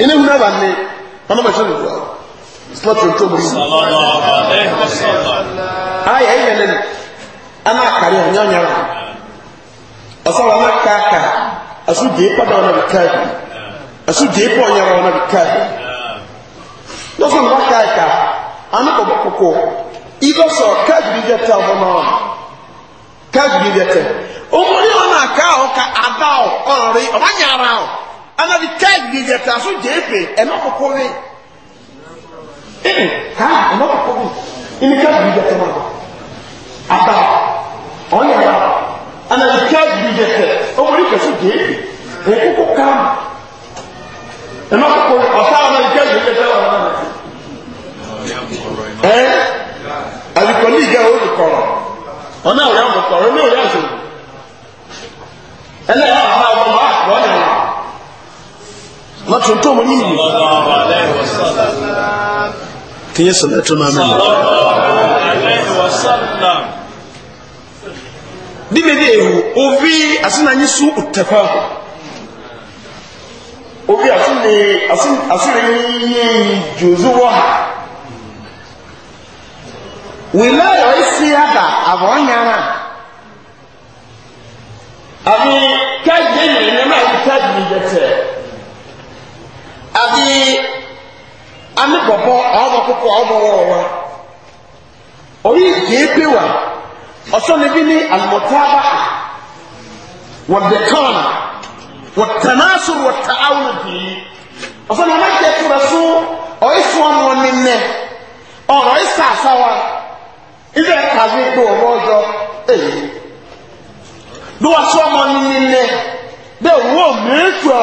ene huna ba ne ɔno bɛ sɔrɔ dua sɔrɔ tuntun mu yi ayi ayi yɛ nani ana akari ɔnyanyara ɔsɔrɔ ana kaaka asu die pa da ɔna bi kaaka asu die pa ɔnyara ɔna bi kaaka lɔsɔn ba kaaka ana kɔ bɔ koko ibɛ sɔ kaaka bi yɛ tɛ ɔbɔ naa kaaka bi yɛ tɛ ɔmɔ ni ɔna kaa ada ɔrɔri ɔmanyara ɔ ana de tag de de ta so jepe e no kokko we eh ha e no kokko we ini ka de de ta aba on ya ba ana de tag de de ta o wori ka so jepe e kokko ka e no kokko we o sa ana de tag de de ta eh alikoli ga o koro ona o ya mo koro ni o ya lọ́tún tó mọ̀ yìí kí yẹ́ sọ̀rọ̀ ẹ̀tọ́ máa mẹ́lẹ̀ dímẹ̀dí èhù ovi asínanyi sú òtẹ̀kọ́ ovi asínanyi jòzúwọ́ ha wìláyọ̀ isi aka àbọ̀ nyara àbí káàdì ẹ̀yẹ̀ ẹ̀yẹ̀ máa ń káàdì ìjẹtẹ̀ ọkọ ọbọwọ wa orí kéèpé wa ọsọni bi ní alimọtaaba wọdekan wọtanaaso wọtaawuna bii ọsọni wọn jẹ kura so ọyẹ fún ọmọ ní nẹ ọrọ ọyẹ sàásà wa ilé ẹka mi kó ọwọ ọjọ èyí ndị wá sọ ọmọ ní nẹ bẹẹ wọ́n mẹ́tọ́.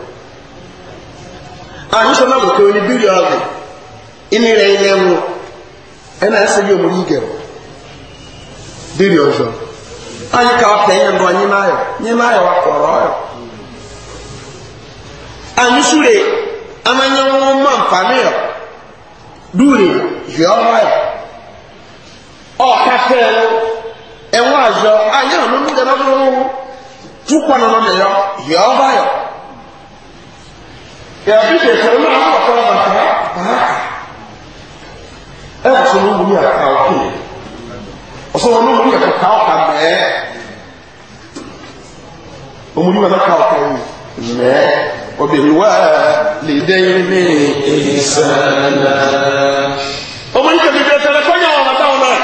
àyíṣọ́ náà lòkè oní bílíọ̀ ààbò inú rẹ̀ ilé ẹ̀wọ̀n ẹ̀nà ẹ̀sẹ̀ yóò mú yí gẹ̀rọ bílíọ̀ ọ̀ṣọ́ anyị ka ọka ihe mbụ anyị mayọ nye mayọ wakọrọ ọyọ anyị sure amanye nwa mma mpanịọ dure hie ọrụ ya ọka fere enwe azọ anyị ọnụ ndị ga na bụrụ nwa tukwa na ya hie ọrụ ya yàtí tẹsẹ ọmọ àwọn ọkọlá bàtà bàákà ẹ wà sọ wọn wọlé àká ọkọ yẹ ọsọ wọn wọn wọlé àká ọkà mẹẹ ọmọdé wọn àká ọkọ yẹ mẹẹ ọbẹni wá lè dẹyìn ní ìsàlà ọmọdé kẹfì bẹẹ tẹlẹ kọjá wọn bàtà wọn náà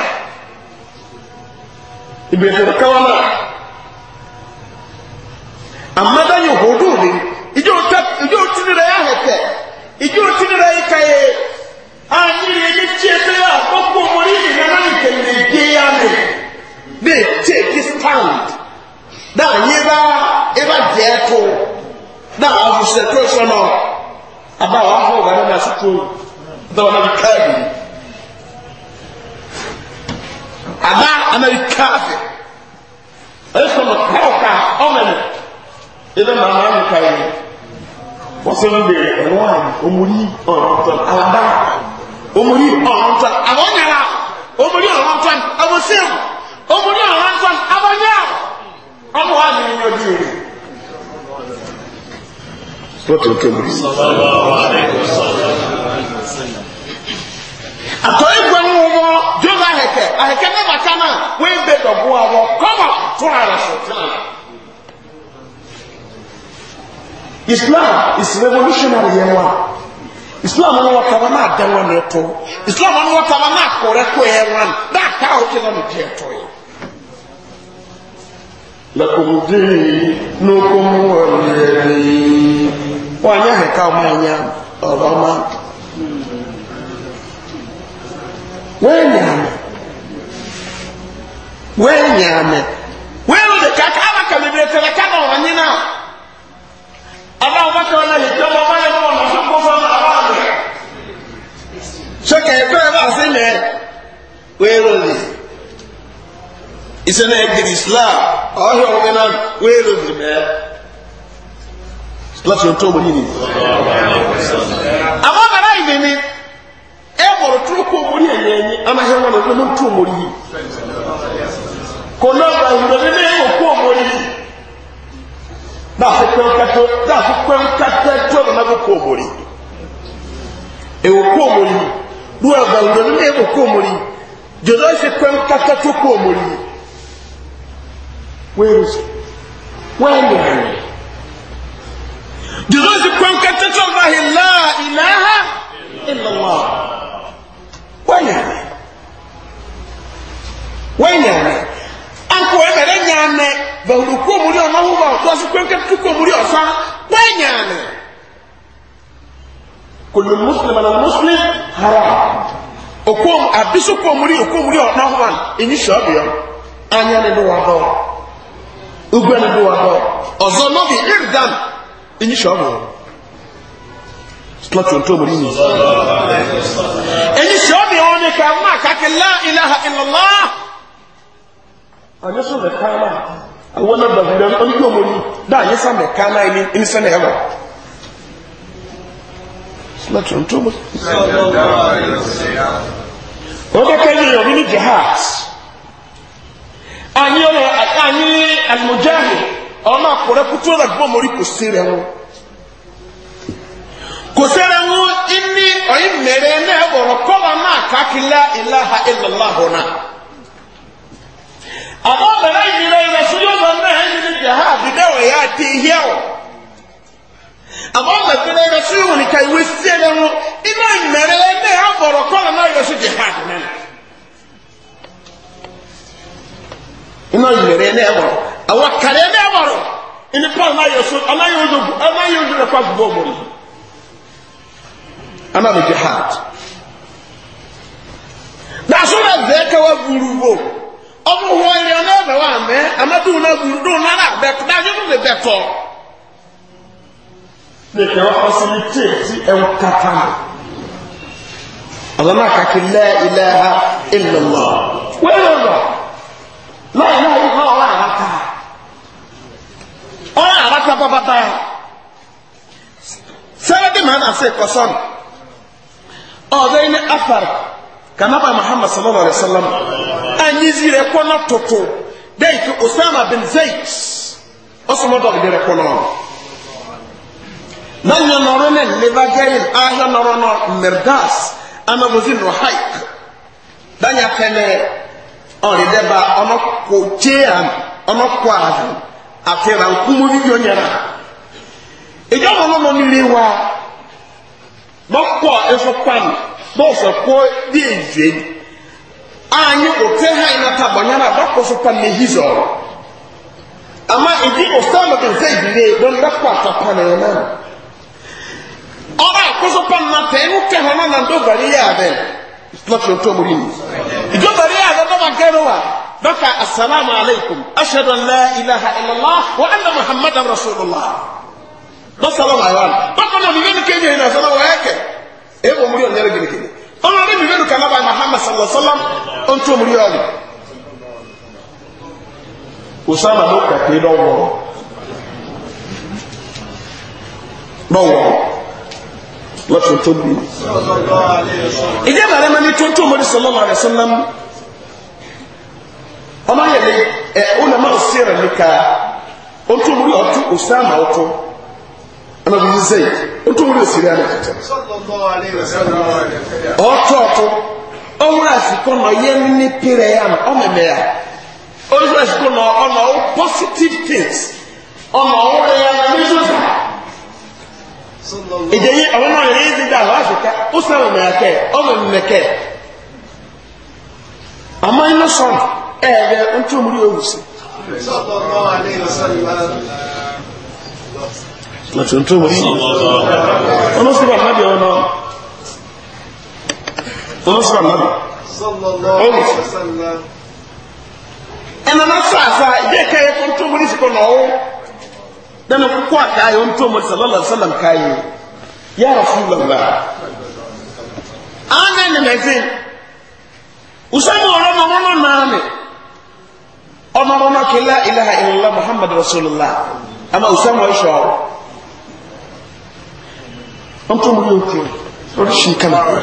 ìbẹ̀tẹ̀ kọjá wọn náà àmàdáyé hòdó ni tinira ya hɛtɛ ijoro tinira yi ka ye a nyiri ye ne tie pe a ko kpomori yi nana ni kɛlɛ de ya mi ne take stand na nye ba e ba jɛ to na ahusɛ to so no aba wa ahɔ wa na so to dɔw na bi kaa bi aba ana bi kaa bi ɛsɛ no kaa o kaa ɔmɛ no ebe maa maa mi kaa wọ́n bèèrè ẹ̀wọ́ àyè omori ọ̀rọ̀ntàn alaba omori ọ̀rọ̀ntàn abọ́nyàrá omori ọ̀rọ̀ntàn abọ́sẹ́wò omori ọ̀rọ̀ntàn abọ́nyàrá ọmọ wa ni yíyan ju rẹ̀. Lọ́tọ̀ kébù. Àtọ̀ ìgbẹ́ ń wọ́n jọba ahẹ̀kẹ́ ahẹ̀kẹ́ mẹ́ta náà wọ́n ń bẹ dọ̀gbọ́ àwọn kọ́mọ̀ tún àrà sọ̀tún àná. islam is revolutionary yẹn wa islam ni wọn kaba náà dẹwọ ní ẹtọ islam ni wọn kaba náà kọrẹ kọ ẹ wọn náà ká ọjọ náà di ẹtọ yẹ. lakum dinukum waliya din wọn anyá hẹka ọmọ ẹnyá ọba ọmọ wọ́n nyà mẹ́ wọ́n nyà mẹ́ wọ́n yóò de kàkà àbàkà bèbèrè tẹ̀lé kàkà ọ̀hányin náà aláwọ̀ bá tẹ̀wọ́n náà ìjọ ọmọ báyọ̀ mọ́ ọ̀nà tó kó fún aráàlú rẹ̀. ṣé kẹ̀ ẹ̀fẹ́ ẹ̀ bá sí lẹ̀ wéèrò ni ìṣẹ̀lẹ̀ ẹ̀gbìn islam ọ̀hìn ọ̀gbìn náà wéèrò ni mẹ́ láti ohun tó wọ́n yìí ni. àwọn bàbá ìdè ni ẹ wọ̀rọ̀ tó kó mórí ẹ̀yẹ ẹ̀yìn anáhẹ́wọ̀n náà ló ń tó mórí yìí. kò náà gbà ìrọ̀lẹ́ náà yóò kó daaso kpɛm kato daaso kpɛm kata tó na bɛ kó omori ewu kó omori do ɛgbɛwuro no ewu kó omori jɔdɔ ɛsɛ kpɛm kata tó kó omori wɛrɛ wɛrɛ wɛrɛ jɔdɔ ɛsɛ kpɛm kata tó na hi laa ilaha ilala wɛrɛ nko ɛmɛrɛ nyaamɛ bawuro kuo mu ni ɔma ho ba ɔtɔ so kwenke tu kuo mu ni ɔfa wɔn nyaamɛ kulu muslim ana muslim hara okuo abiso kuo mu ni okuo mu ni ɔna ho ba enyi sɔ anya ne do wa dɔ ugbe ne do wa dɔ ɔzɔ nɔbi irdan enyi sɔ bia slot yonto ni ni enyi sɔ bia wɔn ni ka ma kake la ilaha illallah. ɔnyɛ so mɛka na awɔ na bavira ɔne bi ɔmɔ ni da anyɛ sa na ɛni ɛni sɛ na ɛwɔ sima tuntum ɔbɛka yi ɔne ni jihad anyi ɔyɛ anyi alimujahid kutu na gbɔ mɔri kò kò ne ɛwɔrɔ kɔba kakila ilaha illallah na. àmọ́ bẹ̀rẹ̀ ìnira ìrẹ̀ sún yóò lọ náà ẹni ní ìjà ha dídẹ́ wọ̀ yá àti ìhíà wọ̀ àmọ́ bẹ̀rẹ̀ ìrẹ̀ sún yóò nìkan ìwé sí ẹni wọn iná ìmẹ̀rẹ̀ ẹni ẹ̀ bọ̀rọ̀ kọ́lọ̀ náà ìrẹ̀ sún jihad náà iná ìmẹ̀rẹ̀ ẹni ẹ̀ bọ̀rọ̀ àwọn kàrẹ́ ẹni ẹ̀ bọ̀rọ̀ ẹni paul náà yọ sún ọ̀nà yóò dùn ọ̀nà yóò ọmọ wọn ẹrẹ ọmọ ẹbẹ wa mẹ amadu wọn agburu dùn náà náà bẹ dájú ló lè bẹ kọ. lèkè wọn fasilitéètì ẹwọn kàtà mi. ọlọ́nà kàkí lẹ́ ilẹ̀ ha ìlọ̀lọ̀ wẹ́rẹ́ lọ láyé náà yìí náà àràkà ọ̀rọ̀ àràkà bàbàbà sẹ́rẹ́dì màá nà sí kọ́sọ́nù ọ̀dọ́ ní afar kanaba muhammad sallallahu alayhi wa sallam. anyizi rẹ kọ osama bin zayt ọsọmọdọ bi rẹ kọ náà n'anyọ nọrọ náà levagayin ahịa nọrọ náà merdas anabozi nọ haik danya pẹlẹ ọrịdẹba ọnọkọ jean ọnọkọ ahụ àti rankumu níbi onyẹra ìjọba ọlọmọ nílé anyi ote ha ina ta bonyana ba ko sopa ne hizo ama idi osama bin zaid ne don da kwa ta pa ne na ora ko sopa na te no te ho na ndo bari ya de islam to muri ni ido bari ya de ba kero wa baka assalamu alaikum ashhadu an la ilaha illa wa anna muhammadan rasulullah ba alaikum ba ko no ni ni ke na salamu alaikum e ko muri on yare gine ọmọ mi mìíràn kan náà bá muhammad sallallahu alaihi wasallam ń tún omi ọ̀lù osama ló pẹ̀pẹ́ lọ́wọ́ lọ́wọ́ lọ́tún tó bí ìdí ẹ̀bà rẹ̀ máa ní tún tún omi sallallahu alaihi wasallam ọmọ yẹn ni ẹ̀ ọ́nà máa ń sèrè nìka ó tún omi ọ̀tún osama ọ̀tún ana bi sɛ otu wo esiri ana kata ɔtɔ ɔtɔ ɔwura asikɔ na ɔyɛ ne pere ya na ɔmɛmɛ ya ɔwura asikɔ na ɔna ɔwɔ positive things ɔna ɔwura ya na ne so ta ìdèyí àwọn náà yẹ ẹdí dá àwọn àfikà ó sọ àwọn ọmọọyà kẹ ọmọ ẹmẹ kẹ àmọ inú sọ ẹ ẹ ntúmùrí òwúsẹ na tuntun mu yi ɔno sɔrɔ anabi ɔno ɔno sɔrɔ anabi ɔno ɛna n'asa asa ɛdɛ ka yɛ tuntun mu ni sikɔ n'ɔwɔ dɛnɛ kɔkɔ aka yɛ tuntun mu sallallahu alaihi wa sallam ka yɛ yɛ rafu lamba ana ne na ɛdɛ usamu ɔrɔ na ɔno naani ɔno ɔno kila ilaha illallah muhammadu rasulillah ama usamu ɛsɛ ɔrɔ wọ́n tó mú yóò kú oríṣi kánà kú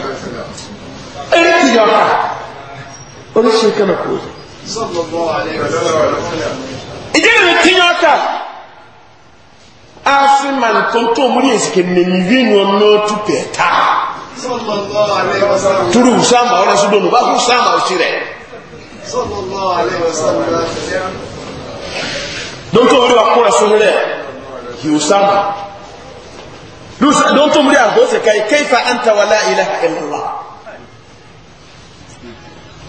ẹ̀rí ti yọ ká oríṣi kánà kú. ìjẹ́ ìrìn tí yọ ká afi man tonto mu yɛ sike nenvi no no tu pɛta turu usama ɔna so donu baako usama ɔkyerɛ donto wuli wa kora so hɛrɛ yi usama don tun muri arko se kai kaifa anta wa la ilaha illallah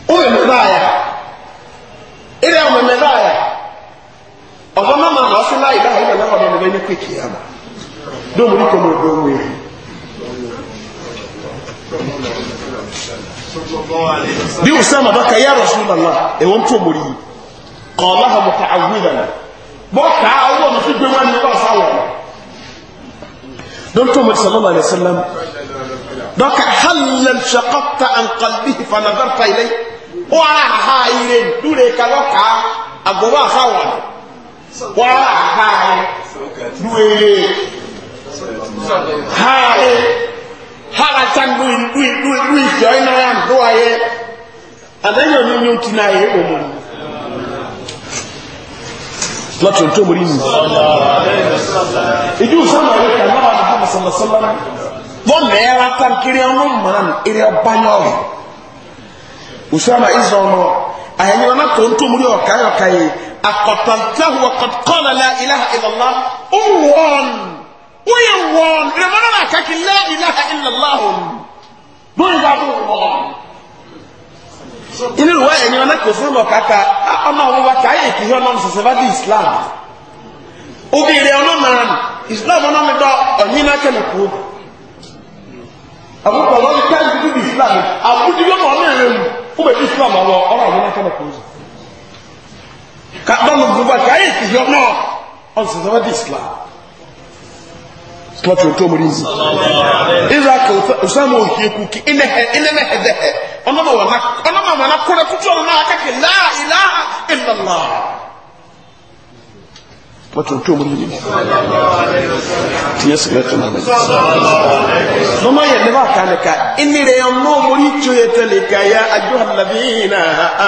ume mebaya ile ume mebaya ọba mama na ọsọ la ilaha illallah ọba mebe ne kwe kiyama don muri ko mo do mu yi bí usama bá ka ya rasulallah ẹwọn tó muri kọlaha muta'awwidan bọ́ ká owó ọmọ tó gbé wọn ní bá sáwọn don tó mọ̀tí sallallahu alaihi wasallam dọ́kà halal ṣakọ́ta an kalbihi fanadarta ilé ó àhà ire dúre kalọ́ka agbọ́bá àfáwọn wà àhà dúere hae haratan dúi jọ iná ya ń dó ayé àdáyọ̀ ní yóò tí náà yé òmùn lọ́tún tó mọ̀rí nù ìdí òsán àwọn ìkànnà muhammad sallallahu alaihi wasallam wọn mẹ́ra tan kiri ọ̀nà mọ́nà eré ọba yọ̀ọ̀rọ̀ usama israel nọ àyẹ̀yẹ̀ wọn tó ń tó mu ní ọ̀ka ọ̀ka yìí akọ̀tàntàhu ọ̀kọ̀tàkọ́nà la ilaha illallah ó wọ̀n ó yẹ wọ̀n ìrẹ̀mọ́nà náà kàkí la ilaha illallah lórí bá tó wọ̀n. inú ìwé ẹ̀yẹ̀ wọn kò fún ọ̀ka ká ọmọ àwọn wa káyé kìí ọmọ sọ̀sẹ̀ bá di islam obìnrin ọ̀nà mọ́nà islam ọ̀nà mi dọ̀ ọ̀nyìn náà kẹ́lẹ̀ kú. àbúkọ̀ islam àbúdí yóò mọ̀ ọ́nà ẹ̀rẹ́ mu fún bẹ̀rẹ̀ islam àwọn ọ̀nà ọ̀nyìn ọ kẹ́lẹ̀ kú. kàdánù gbogbo káyé ìkìyọ náà dị islam. Sọ́tù tó mú rí nsì. Israka Osama Ohieku kí ilẹ̀ ẹ̀dẹ̀ ẹ̀ ọ̀nàmọ̀ wọn akọ̀rẹ́ kútu ọ̀nà wato to mun yi tiye sigirati na mai noma yadda ba ka ne ka inire yan no muri cuye talika ya ayyuhal ladina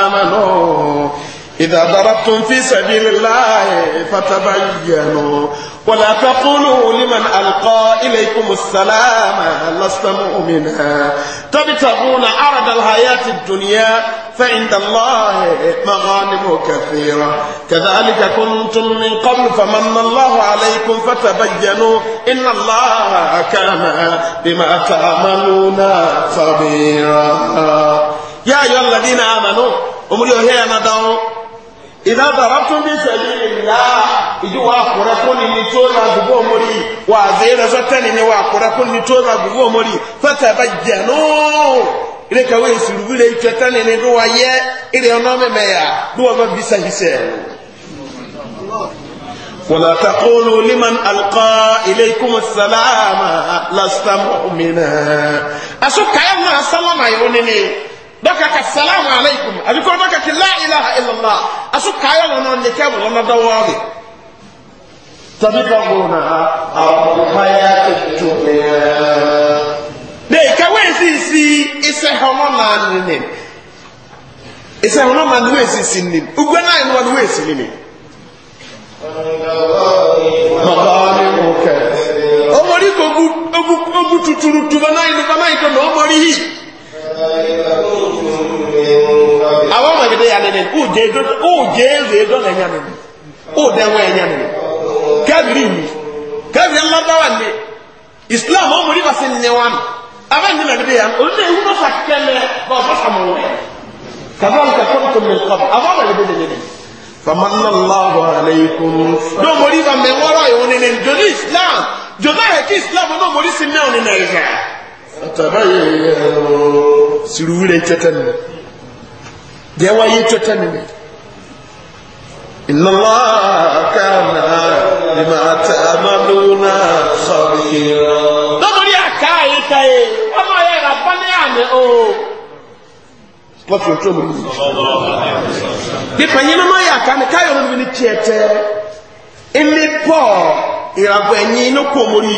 amanu idza darabtum fi sabilillahi fatabayyanu ولا تقولوا لمن ألقى إليكم السلام لست مؤمنا تبتغون عرض الحياة الدنيا فعند الله مغانم كثيرة كذلك كنتم من قبل فمن الله عليكم فتبينوا إن الله كان بما تعملون خبيرا يا أيها الذين آمنوا أمريوا هنا دعوا ìdá dàrátún bí sẹ̀lẹ̀ ìlà ìdíwà àkùrẹ́kún ni ní tó ra gbogbo omori wà àzẹ́rẹ́ sọ́tẹ́ni ni wà àkùrẹ́kún ni tó ra gbogbo omori fẹ́tẹ̀ bá jẹ̀nú ìrẹ́kẹ̀wé ìsìlúwìrè ìtẹ́tẹ́ni ni ló wáyé ìrẹ́ ọ̀nà mẹ́mẹ́yà ló wà bá bí sẹ́yìísẹ́ ولا تقولوا لمن ألقى إليكم السلام لست مؤمنا أسوك يا ابن السلام يونني dɔkaka salamu alaykum abi kɔrɔ la ilaha illallah aso kaayɔ wɔnɔ ne kɛ na dɔwɔɔri. tabitɔgbona awɔkaya tuntun. de kawe sisi Ise homo naani ne isɛ hɔnɔ naani wo esisi ne ugbe naani ni wɔn wo esi ne. Mọ̀lá ni mo kẹ̀. Ọmọdé kò tuturu tuba náà ní bàbá yìí ma àwọn ọmọ ìbílẹ̀ yà nínú òjé èzè dọ́là ẹ̀yà nínú O ẹ̀wọ̀ ẹ̀yà nínú kẹ́bìrì mi kẹ́bìrì ńlá wa ní islam ọmọ orí bàtí ní wọn abẹ́ ní ìbílẹ̀ yà onílé ìwú náà sàkẹ́lẹ̀ bá ọ̀sán sàmúwò kàbọ̀n kàkọ́ tó mi kọ́ àwọn ọmọ ìbílẹ̀ nínú famanallahu aleikum dọ́ mo rí bàmẹ́ wọ́rọ̀ ìwọ̀n nínú jòlí islam jòlá ẹ̀kí islam náà mo rí sí mẹ́ọ̀ nínú ẹ̀yà siri wule chwete nime jewa ye chwete nime inna allah kana bima na khabira namuri akai kai ama ya rabani ame o Wọ́n tó mú mi. Dípa yín máa yà ká ní káyọ̀ lórí ní tiẹ̀ tẹ́. Ilé pọ̀ ìràgbọ̀ ẹ̀yìn inú kò mórí.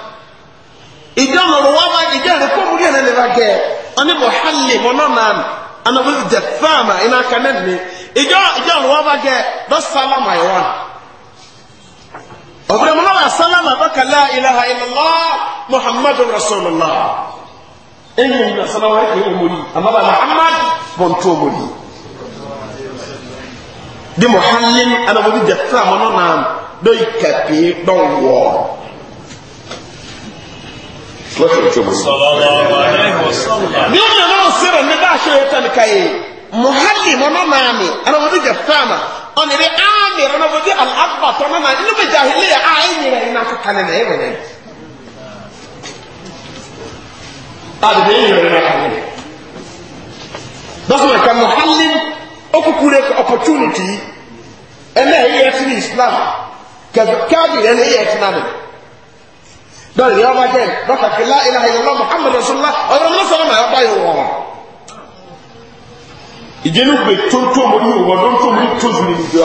ìjọ nọ̀rọ̀ wá bá ìjọ rẹ̀ kó múlẹ̀ rẹ̀ lẹ́ba gẹ̀ ọ́nì mọ̀hálì mọ̀nà nàm anagun jẹ fáàmà iná kanẹ́ mi ìjọ ìjọ nọ̀rọ̀ wá bá gẹ̀ lọ sálámà ẹ̀ wọn. ọ̀bẹ̀rẹ̀ mọ̀nà wà sálámà bákà lá ilaha muhammadu rasulillah. ẹ̀yin mi nà sálámà ẹ̀ kìí àmàbà muhammad bọ̀ntú omori. di mọ̀hálì anagun jẹ fáàmà mọ̀nà lọ́sọ̀rọ̀ tí o mọ̀ ní. ní o nana o sèrè ní báṣọ yẹn tán ká yé muhalli mọ́nà maami anamọ́dé jẹ fáama ọ̀nà ìdí ámì anamọ́dé alábà tọ́nà náà inú bẹ jahili yẹ a ẹ̀yìn rẹ̀ yìí náà kọ́ kánẹ̀ náà ẹ̀yìn rẹ̀. adìbẹ́ yìí rẹ̀ náà kánẹ̀. dọ́sọ̀rọ̀ ka muhalli okukure opportunity ẹ̀ náà ẹ̀yẹ ti ní islam kẹ́kẹ́ bí ẹ̀ náà ẹ̀yẹ ti náà dɔnku yɛ ɔba dɛm dɔkta kila ilaha illallah muhammadu rasulillah ɔyɛ ɔmo sɔrɔ ma ɔba yi wɔn. ìjẹni gbè tóntó mo ní ìwọ tóntó mo ní tóso mi bí ọ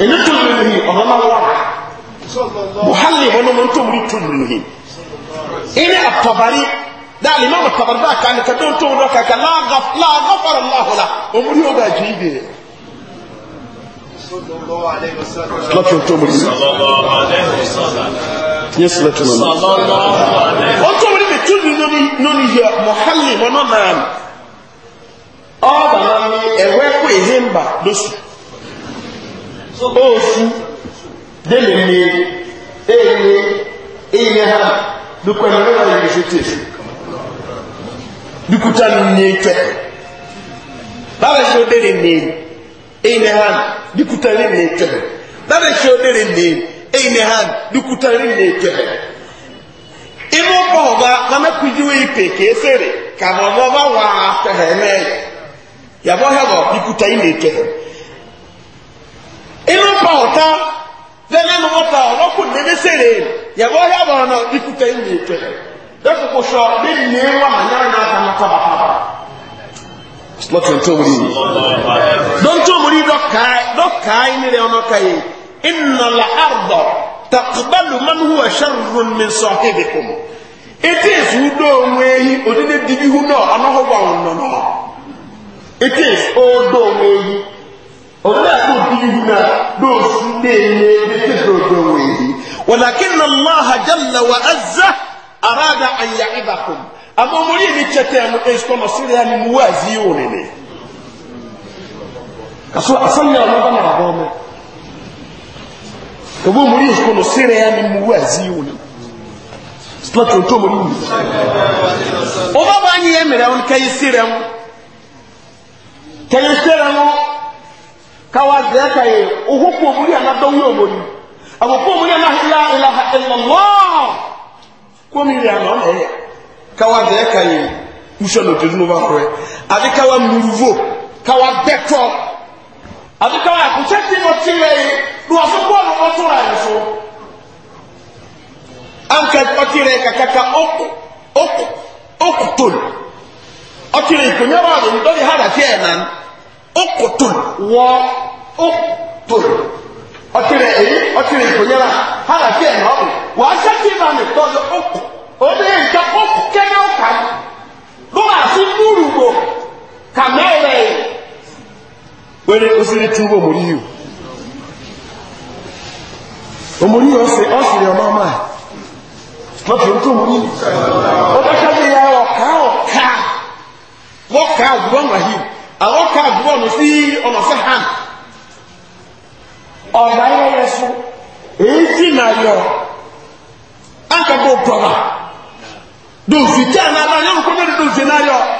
èmi tóso mi nìyí ọmọ náà wà buhari wọn ní mo tóso mo ní tóso mi nìyí. ìní àtọ̀bárí dáàlì máa mọ̀ tọ̀bárí bá kàn kà tóntó mo dọ̀kà kà láàgọ́ fara láhùlà ọmọ ní ọba jù ibè. lọ́tọ̀ọ̀tọ̀ mo ní nye silati nana ɔtɔ wuli bi tu ni noni noni yɛ mɔhali wɔnɔ nan ɔba nan ɛwɛ ko ehemba losu oosu dele ne eye eye ha dukɔɛ nana yɛ yɛ so te dukuta nye tɛ bala so dele ne eye ha dukuta ne tɛ bala so dele ne eyine han dukutari ne kɛhɛ inu bɔbɔ nana kujuwe peke sere kabɔbɔ ba waa kɛhɛ mɛ yabɔ hɛbɔ dukutari ne kɛhɛ inu bɔbɔ ta dɛnɛ ta ɔbɔ ko nene sere yabɔ hɛbɔ na dukutari ne kɛhɛ dɛfɛ ko sɔ ne ne wa ma nyɛ na kama kaba kaba lọ́tún tó wuli dọ́ntó wuli dọ́kàá dọ́kàá yìí ni rẹ̀ ọ́nà kàyé. إن الأرض تقبل من هو شر من صاحبكم ete esu do onwehi odide dibi hu no anaho gba onno no ete esu o do onwehi odide esu dibi hu na do su de ye ete do do onwehi walakin allah jalla wa azza arada an ya'idakum ama muri ni chete anu esu kono sire ani muwazi yone ne kaso asanya no bana abome obu muri yusukono sere yani muwazi yule splatu to muri yule oba banyi yemere on kayi sere mu kayi sere mu kawazi akaye uhuko muri anado yo muri abuko muri la ilaha illa allah ko mi ya no ne kawazi akaye ushono Ade bakwe abikawa muruvo kawa beto àdúgbò àkùtẹ́ tí mo ti yẹ yìí ló wà fún bọ́ọ̀lù wọn tó rà yẹn fún. ànkà ọtí rẹ kàkàkà ókù ókù ókù tòn ọtí rẹ ìkònyẹ wà lóyún lórí hàrà tí ẹ̀ nà ókù tòn wọ ókù tòn ọtí rẹ èyí ọtí rẹ ìkònyẹ wà hàrà tí ẹ̀ nà ọ̀bù wà á ṣe tí màmí tọ́jú ókù òbí yẹn nǹkan ókù kẹ́nyẹ́ ọ̀kà ló wà sí múrùgbò kàmẹ́rẹ̀ yìí. were osiri tuba omuriyo omuriyo ose osiri ọmọọmọ ọma ntọ omuriyo ọbẹkadì ya ọka ọka wọka agùbọ nwahi ọka agùbọ n'osi ọnọsẹ ham ọba ya yẹ so na yọ akadọ tọba na yọ.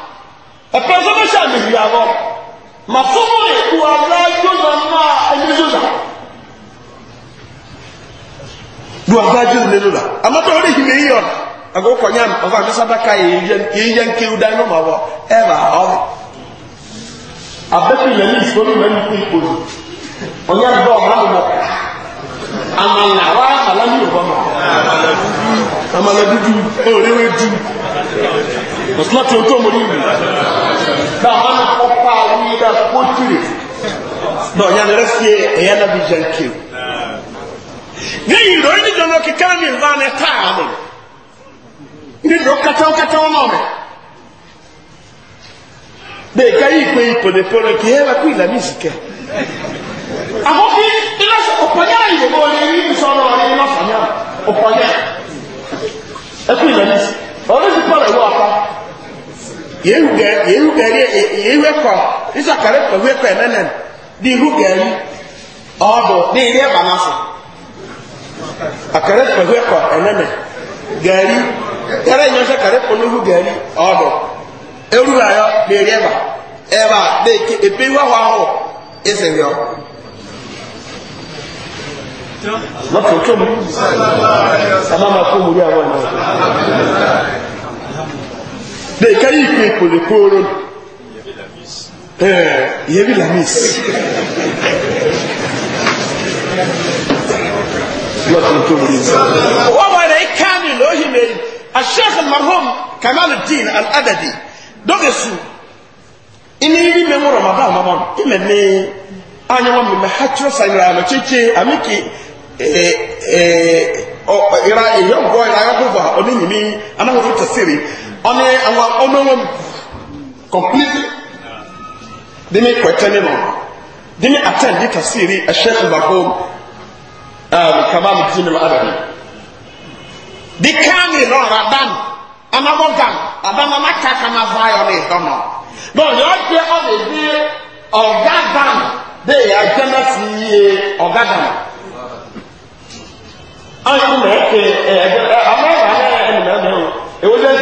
ɛpɛsɛ bɛ hyɛ amehia hɔ ma fɔmɔ eku ala yona na ɛnyɛ yona do aba gye ne yona amatɔ wɔde hime yi yɔn agogo kɔnya ɔfɔ akasa daka yeyɛ nkewu dan no ma wɔ ɛba ɔmo abɛti yɛn ni nsuo no ma nipa ikpo do ɔnya bɔ ɔmo amɔ amala wa amala mi yɛ hɔ ma amala dudu ɔrewe du mùsùlùmí tí o tó mori mi náà wọn náà kọ́ pa àwọn yìí náà kó tiri náà ọ̀nyá ni rẹ́sì ẹ̀yà náà bí jẹ́ ké o. ní ìró ní dọ̀nà kíkà ní ìlú àná ẹ̀ta àmì ní ìró kẹtẹ́wọ́ kẹtẹ́wọ́ náà mẹ́. bẹ́ẹ̀ ká yìí pé ìpòlèpòlè kì í ẹ̀rọ kú ìlànà ìsìkẹ́. àwọn fi iná sọ ọ̀pọ̀nyá ìyẹ̀wò ni yìí sọ̀rọ̀ ọ̀rẹ́ iná sọ̀nyá ọ̀pọ̀nyá ẹ̀kú ìlànà ìsìkẹ́ ọ̀rẹ́ yehu gari yehu gari e, e, yehu ɛkɔ nisa kari ɛhu ɛkɔ ɛnɛnɛn di ihu gari ɔɔdo di ihu ɛba n'afɔ akari ɛhu ɛkɔ ɛnɛnɛn gari yɛrɛ nyɛ gari ihu kó rí de ka yi kpe kolekoro ɛɛ yebi lamis wɔwɔre kani lɔhi mɛyi asheikh marhum kamaluddin al-adadi dɔ bɛ su ina yi bi mɛmu ramadan mama ima ne anyama mi mɛ hatiro sayinra ama kyekye ami ki ɛɛ ɛɛ ɔ ira eyan bɔ ira ayɔ bɔ ba ɔne nyimi anahu fi tasiri ɔne awa ɔmɛwam completely de mi kɔɛtɛ ne no de mi atɛn de tafsiri ɛhyɛ mbako ɛɛ kaba mi ti ne ma abɛn de kaa ne lɔɔre adan anabɔ gan adan anaka kama vaa yɛ ɔne ɛdɔ no bɔn yɛ ɔkpɛ ɔde bi ɔga dan de yɛ agyana si yie ɔga dan anyi mɛ ɛkɛ ɛɛ ɛɛ amɛ ɛmɛ ɛmɛ ɛmɛ ɛwɔ dɛ.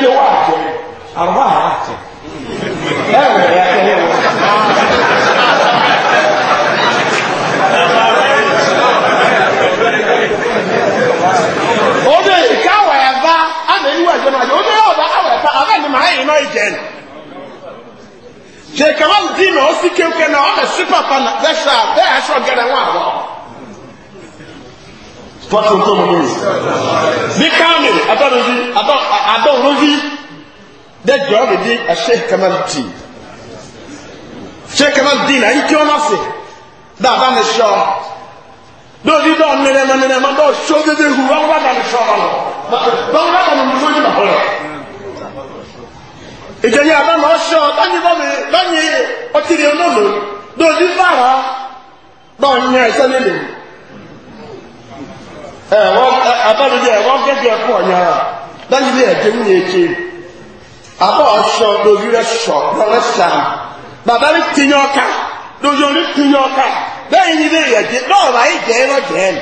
Báwo ni ẹ̀yà kẹ́lẹ́ wọn? Obe káwọ̀ ẹ̀bá a na ewu ẹ̀jẹ̀ náà yẹ. Obe yóò bá káwọ̀ ẹ̀bá abẹ́ ni màá yìí náà jẹ́ ni. Jèkàmá di na ó sì kéwké na ọ̀ bẹ̀ sí pàpà na bẹ́ sà bẹ́ẹ̀ aṣọ gẹ̀rẹ̀ wọn àbọ̀. Tọ́tù tó mú mi. Bí sheikh nasdin ayi kí wọn ase dada ni sọ lórí dọ mẹrẹmẹ mẹrẹmẹ dọ sọ dédé hu wọn bá dà ní sọ wọn lọ wọn bá dà ní muso yìí bàbá lọ. ìjẹyẹ àbámu ọsọ lọnyìn bọmi lọnyìn ọtí ni olóòlò lórí fara dọ nyẹ ẹsẹ nílò ẹ wọn abámu yẹ wọn gẹgẹ ẹkọ ọnyára lọnyìn bí ẹjẹ ń yẹ ẹkẹ abọ ọsọ lórí rẹ sọ lọrẹ sàn bàbá mi ti yan ọkà lójú orí ti yan ọkà bẹ́ẹ̀ ni ilé yẹn jẹ lọ́ọ̀rọ̀ ayé jẹ́ ẹ̀rọ jẹ́ ẹ̀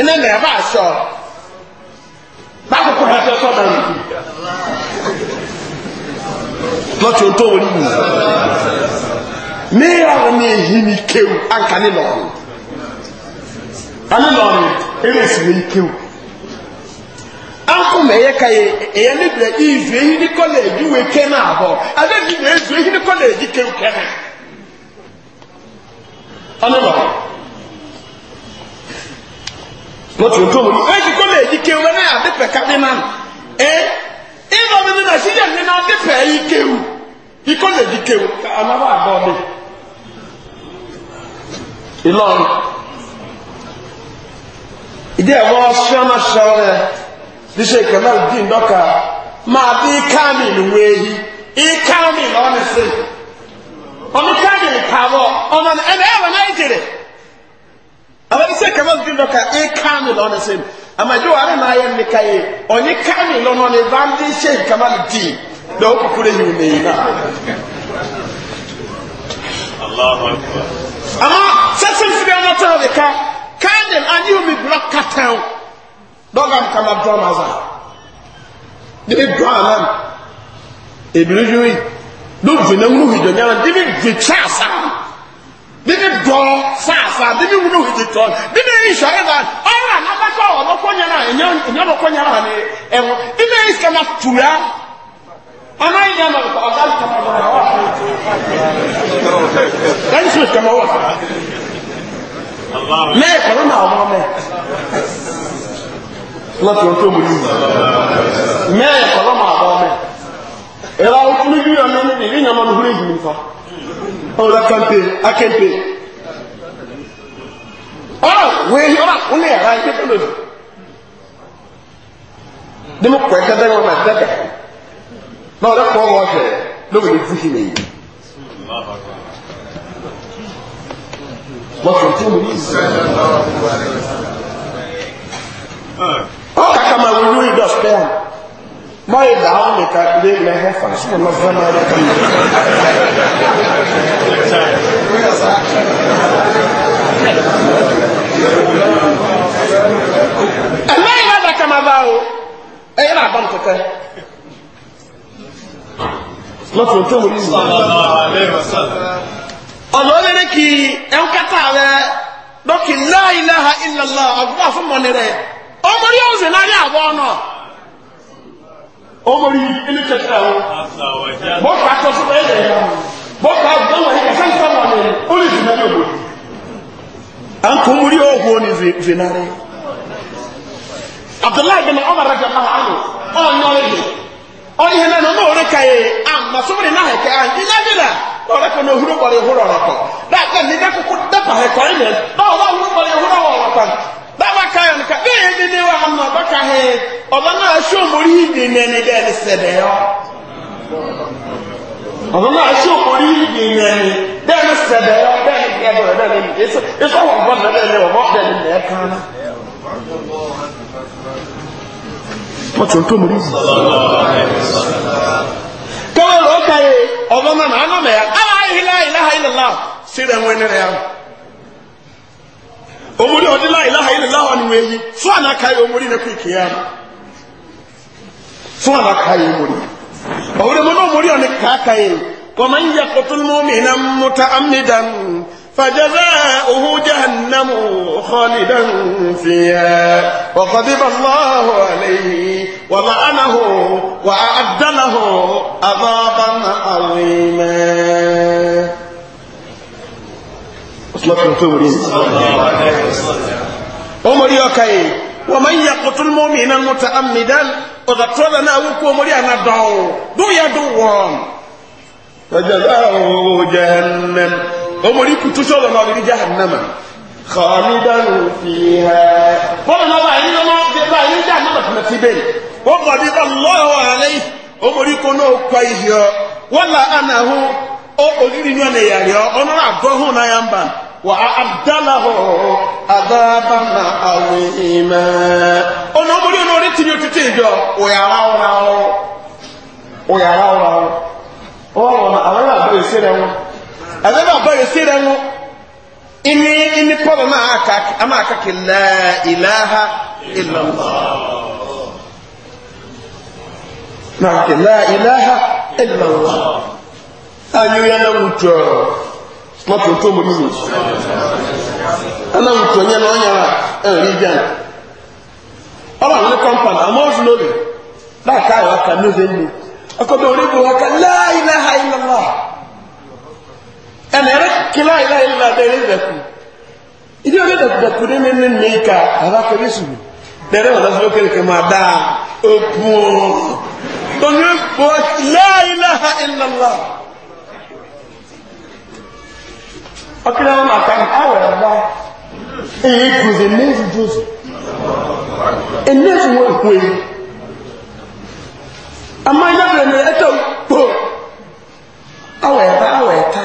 iná nà ẹ̀ bá aṣọ bákòókò rẹ̀ fẹ́ sọ́dọ̀ nù. lọ́tí o tó wọlé yìí míyàwó ni èyí ni kéwù ànkà nílọ̀ọ̀rù ànílọ̀ọ̀rù eré ìsìnkú kéwù ankom ɛyɛ ka yɛ ɛyɛ ne bɛ izu ehi ne kɔlɛɛji wo kɛ na abɔ ale bi na ezu ehi ne kɔlɛɛji kɛ kɛ na ɔno lɔ lɔtɔ o tom eji kɔlɛɛji kɛ wo na ade pɛ kadi na ɛ ɛna ɔmo nina si yɛ nina ɔde pɛ yi kɛ wo yi kɔlɛɛji kɛ wo anaba abɔ ɔde ilɔn ìdí ẹ̀ wọ́n sọ́nà sọ́ọ́ rẹ̀ ní sèé kẹlẹ́ òdì ndọ́ka máa bí káàmì nìwé ehi ìkáàmì lọ́nà sí ọmọ káàmì pààbọ̀ ọmọ ẹnẹ ẹ̀rọ náà jèrè àwọn ní sèé kẹlẹ́ òdì ndọ́ka ìkáàmì lọ́nà sí àmàjọ àrẹ náà yẹ nìka yẹ ọ̀nyí káàmì lọ́nà ní báńdì sèé kẹlẹ́ òdì lọ́wọ́ kúkúrẹ́ yìí nìyí náà. àmọ́ sẹ́sìn fi ọmọ tó ọ̀dẹ̀ká káàdì ayé omi blọ́k kàtàwọn dɔgam kama dɔm aza dibi dɔ anam ebiri yi do vi na wuru hidjo nyana dibi vi kya asa dibi dɔ sa asa dibi wuru hidjo tɔ dibi nhyɛ ɛza ɔra n'abɛtɔ ɔno kɔ nyana enya enya no kɔ nyana ne ɛwɔ dibi eyi kama tura ana yi nyana ɔda kama wɔ ha ɛyi kama wɔ ha mɛ kɔrɔ na ɔmo mɛ láti ọjọ́ mú ní mẹ́ẹ̀ ọlọ́mà àbọ̀ ọmọ ẹ̀rọ ọkùnrin bí ọmọ ẹni ní ìyàmọ́ ní húrí ìgbìmọ̀ fa ọ̀rọ̀ kàmpé akẹ́mpé ọ̀rọ̀ wèé ọ̀rọ̀ kúnlẹ̀ ẹ̀rọ ayé tó lòdì ní mo kọ̀ ẹ̀kẹ́ dẹ́gbọ́n náà dẹ́gbẹ̀ náà ọ̀rẹ́ kọ́ ọ̀rọ̀ ọ̀fẹ́ lóbi ní fúhi nìyí. wọ́n fi ọjọ́ mú ní ìsìn ọkà kama wíwú ìdọ̀ spain mọ́ ìdá wọn nìkan lé ilẹ̀ ẹ̀fà sínú lọ́fẹ́ náà rẹ̀ kan ẹ̀mẹ́ ìlà dà kama bá o ẹ̀yẹ náà bá nkẹ́kẹ́ lọ́tọ̀ tó wọlé ìlú ọ̀dọ̀ lẹ́rẹ́ kí ẹ̀ńkátà rẹ̀ lọ́kì láìláha ìlàlá àgbà fún mọ́ni rẹ̀ ọmọdé ọ̀hún sì náà ní àbọ̀ ọ̀nà ọmọdé ilé kẹta ahụ bọ́ọ̀kà àtọ́sọ́ bẹ́ẹ̀ lẹ̀ yà bọ́ọ̀kà àgbọ̀wọ̀ yìí kẹsàn-án sábà ní ó lè dùn náà lọ́wọ́ à ń kún múrí ọ̀hún ní zinare abdullahi bin ọmọdé rẹ̀ jẹ́ ọ̀hún ọ̀nà ihe e, na ka na, bàbá káyọ̀ nìkan bẹ́ẹ̀ ni ní wàá mọ̀ bàkà hẹ́ ọ̀bá náà ṣó mórí ìdè nẹni bẹ́ẹ̀ ni sẹ̀dẹ̀ yọ. ọ̀bá náà ṣó mórí ìdè nẹni bẹ́ẹ̀ ni sẹ̀dẹ̀ yọ bẹ́ẹ̀ ni gẹ́gẹ́ bẹ́ẹ̀ ni ìṣọ́ wọ̀ bọ́ bẹ́ẹ̀ ni ọ̀bọ̀ bẹ́ẹ̀ ni mẹ́ẹ̀ kan náà. wọ́n ti ń tó mórí yìí. káwọn ọ̀rọ̀ káyọ̀ ọ̀bá náà nà omuri ɔdi la ilaha illallah wani wo eyi fún anaka yi omuri ne kú ìkéya fún anaka yi omuri ɔwúrẹ́ mu náà omuri ɔni kàkà yi kọ́má ń yẹ kutu mọ́mìnà mọ́ta amídàn fàjẹ́sẹ́ òhun jahannamu xɔlidan fìyà wàkọ́dìbà lọ́hù àlẹ́yìn wàlá anahu wà á dánahu ọ̀sùnmọ́tò tó wòrí ní. ọmọdé ọkà yìí wọ́n máa ń yà kótó mọ́mí iná mọ́ta amìdán ọ̀dà tó dáná awúkú ọmọdé àná dọ̀ọ̀ dóyà dó wọ̀n. ọjọ́ jẹ́hẹ́nẹ́m ọmọdé kùtù sọ̀rọ̀ náà rí jẹ́hẹ́nẹ́mà kọ́mídán fi hẹ́. bọ́lá náà wà ní ọmọ ọdún bá yín jẹ́ àmọ́ tẹ̀lé ti bẹ́ẹ̀. wọ́n bọ̀ bí bá lọ́wọ́ àlẹ́ ọmọdé kọ́ وأعد له عذابا عظيما ọ̀nà ọmọdé ọ̀nà orí tìyẹ òtútù ìjọ òyàrá ọ̀nà ọ̀rọ̀ òyàrá ọ̀nà ọ̀rọ̀ wọ́n wọ̀n àwọn ẹ̀rọ àbẹ̀rẹ̀ sí rẹ̀ wọn ẹ̀rọ àbẹ̀rẹ̀ sí rẹ̀ wọn ìní ìní pọ́bù máa mọ́tò tó mọ́ nínú ẹnáwó tó yẹn lọ́ọ́ yàrá ẹ̀rọ ní ìjà ọba àwọn kọ́ńpàn àmọ́ ọ̀sùn lórí láàká àwọn kan ní ìfẹ́ mi ọkọ̀ bẹ́ẹ̀ orí gbòòwò kan láìlá àìlọ́lá ẹ̀nà ẹ̀rẹ́ kí láìlá àìlọ́lá bẹ́ẹ̀ ní ìdẹ̀kù ìdí orí dẹ̀kùdẹ̀kù ní mímí ní ìka àbákẹ́rẹ́ sùn bẹ́ẹ̀rẹ́ wọn lọ́sọ̀rọ̀ kékeré máa dá òpó tó ní gbòòwò láìlá àìlọ́lá. ọkìlá wọn máa kàn áwọ̀ ẹ̀bá èyí kùzè méjì jùzù ẹ̀mẹ́jì wọn kú èyí àmọ́ ìyàbẹ̀rẹ̀ ní ẹ̀tọ́ pò áwọ̀ ẹ̀bá áwọ̀ ẹ̀ta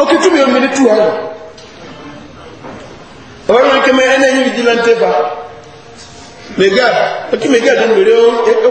ọkì túnbí omi ní tú ẹ̀rọ ọ̀rọ̀ wọn kẹ́mẹ́ ẹ̀ náà yìí jìlá ń tẹ́fà mẹ́gà ọkì mẹ́gà dẹ́nu rẹ̀ ó ẹ̀kọ́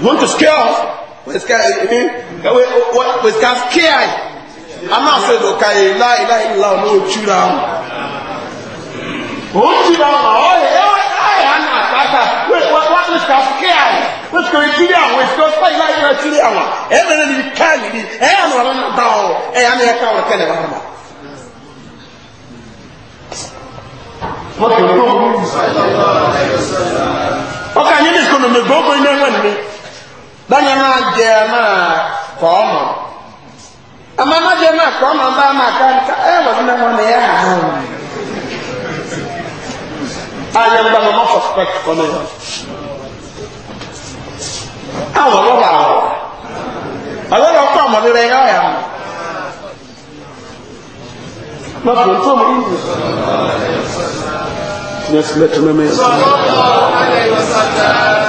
You want to scare us? We scare, we, we, we scare scare. I'm not saying, okay, la ilaha illa no chew down. Oh, chew down. Oh, yeah, I'm not like Wait, what, what is can scare? What's going to kill you? It's going to fight like you're killing you. Everything you can, you I'm not down. Hey, I'm here, I'm here, I'm here. What the problem is? Okay, you need to go to the book and then when me báyìí máa jẹ máa kọ́ ọmọ àmọ́ máa jẹ máa kọ́ ọmọ bá máa ká nǹkan ẹ wọ́n fún ẹ̀wọ̀n ni ẹ hà á wù. ayé ń bá mi mọ́ suspect kọ́ mi. àwọn ọlọ́wọ́ àwọ̀ ọlọ́wọ́ ọkọ ọmọdé rẹ yọ ọ̀yà mọ́. Mọ̀ fún tó mọ̀ Ní ẹsẹ̀ mẹ́tọ́ mẹ́mẹ́ yẹn. Sọ̀rọ̀ ọ̀rọ̀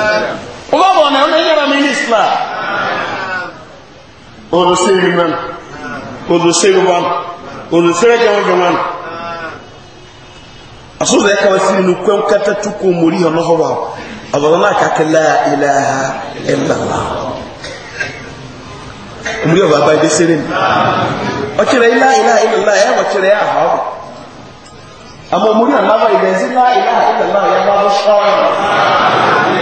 ọba bọ̀ ọ̀nà ọ̀nà yàrá mi ní islam olùsèrè mẹ́m olùsèrè wọn olùsèrè jẹun jẹun asọ́dọ̀ ẹ̀ka wá sí inú kwẹ́m kẹta tukọ̀ mórí ọ̀nà ọ̀rọ̀ àbọ̀dọ̀ náà kàkẹ́ láyà ilẹ̀ ha ẹ̀lẹ́lá omuli ọba abayi bẹ sẹrẹ mi ọkyerẹ ilá ilá ilá ẹ wọkyerẹ ẹ ahọ́ ọ̀rọ̀ àmọ́ omuli ọ̀nà abayi bẹ nsí ilá ilá ilá ẹ wọ́n abọ́ sọ́ọ̀rọ̀.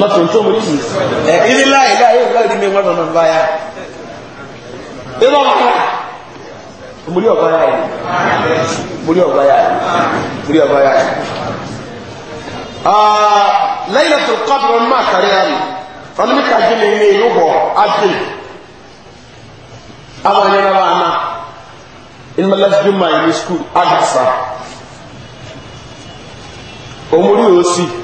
mọ́tòntò mo yìí ẹ ilé láyé láyé láyé ní mẹ́wọ́n nínú ọba yá ẹ bá wà yá mo rí ọba yá yá mo rí ọba yá yá mo rí ọba yá yá lẹ́yìn tó kọ́pọ̀ mọ́ àkàrí yá ni ọdún mẹ́ta jẹ́ ní ìlú bọ̀ ájì àwọn ẹni náà wà ná inú mẹ́lá ti dùn máa ní skul ágbàsá òmùrí òsì.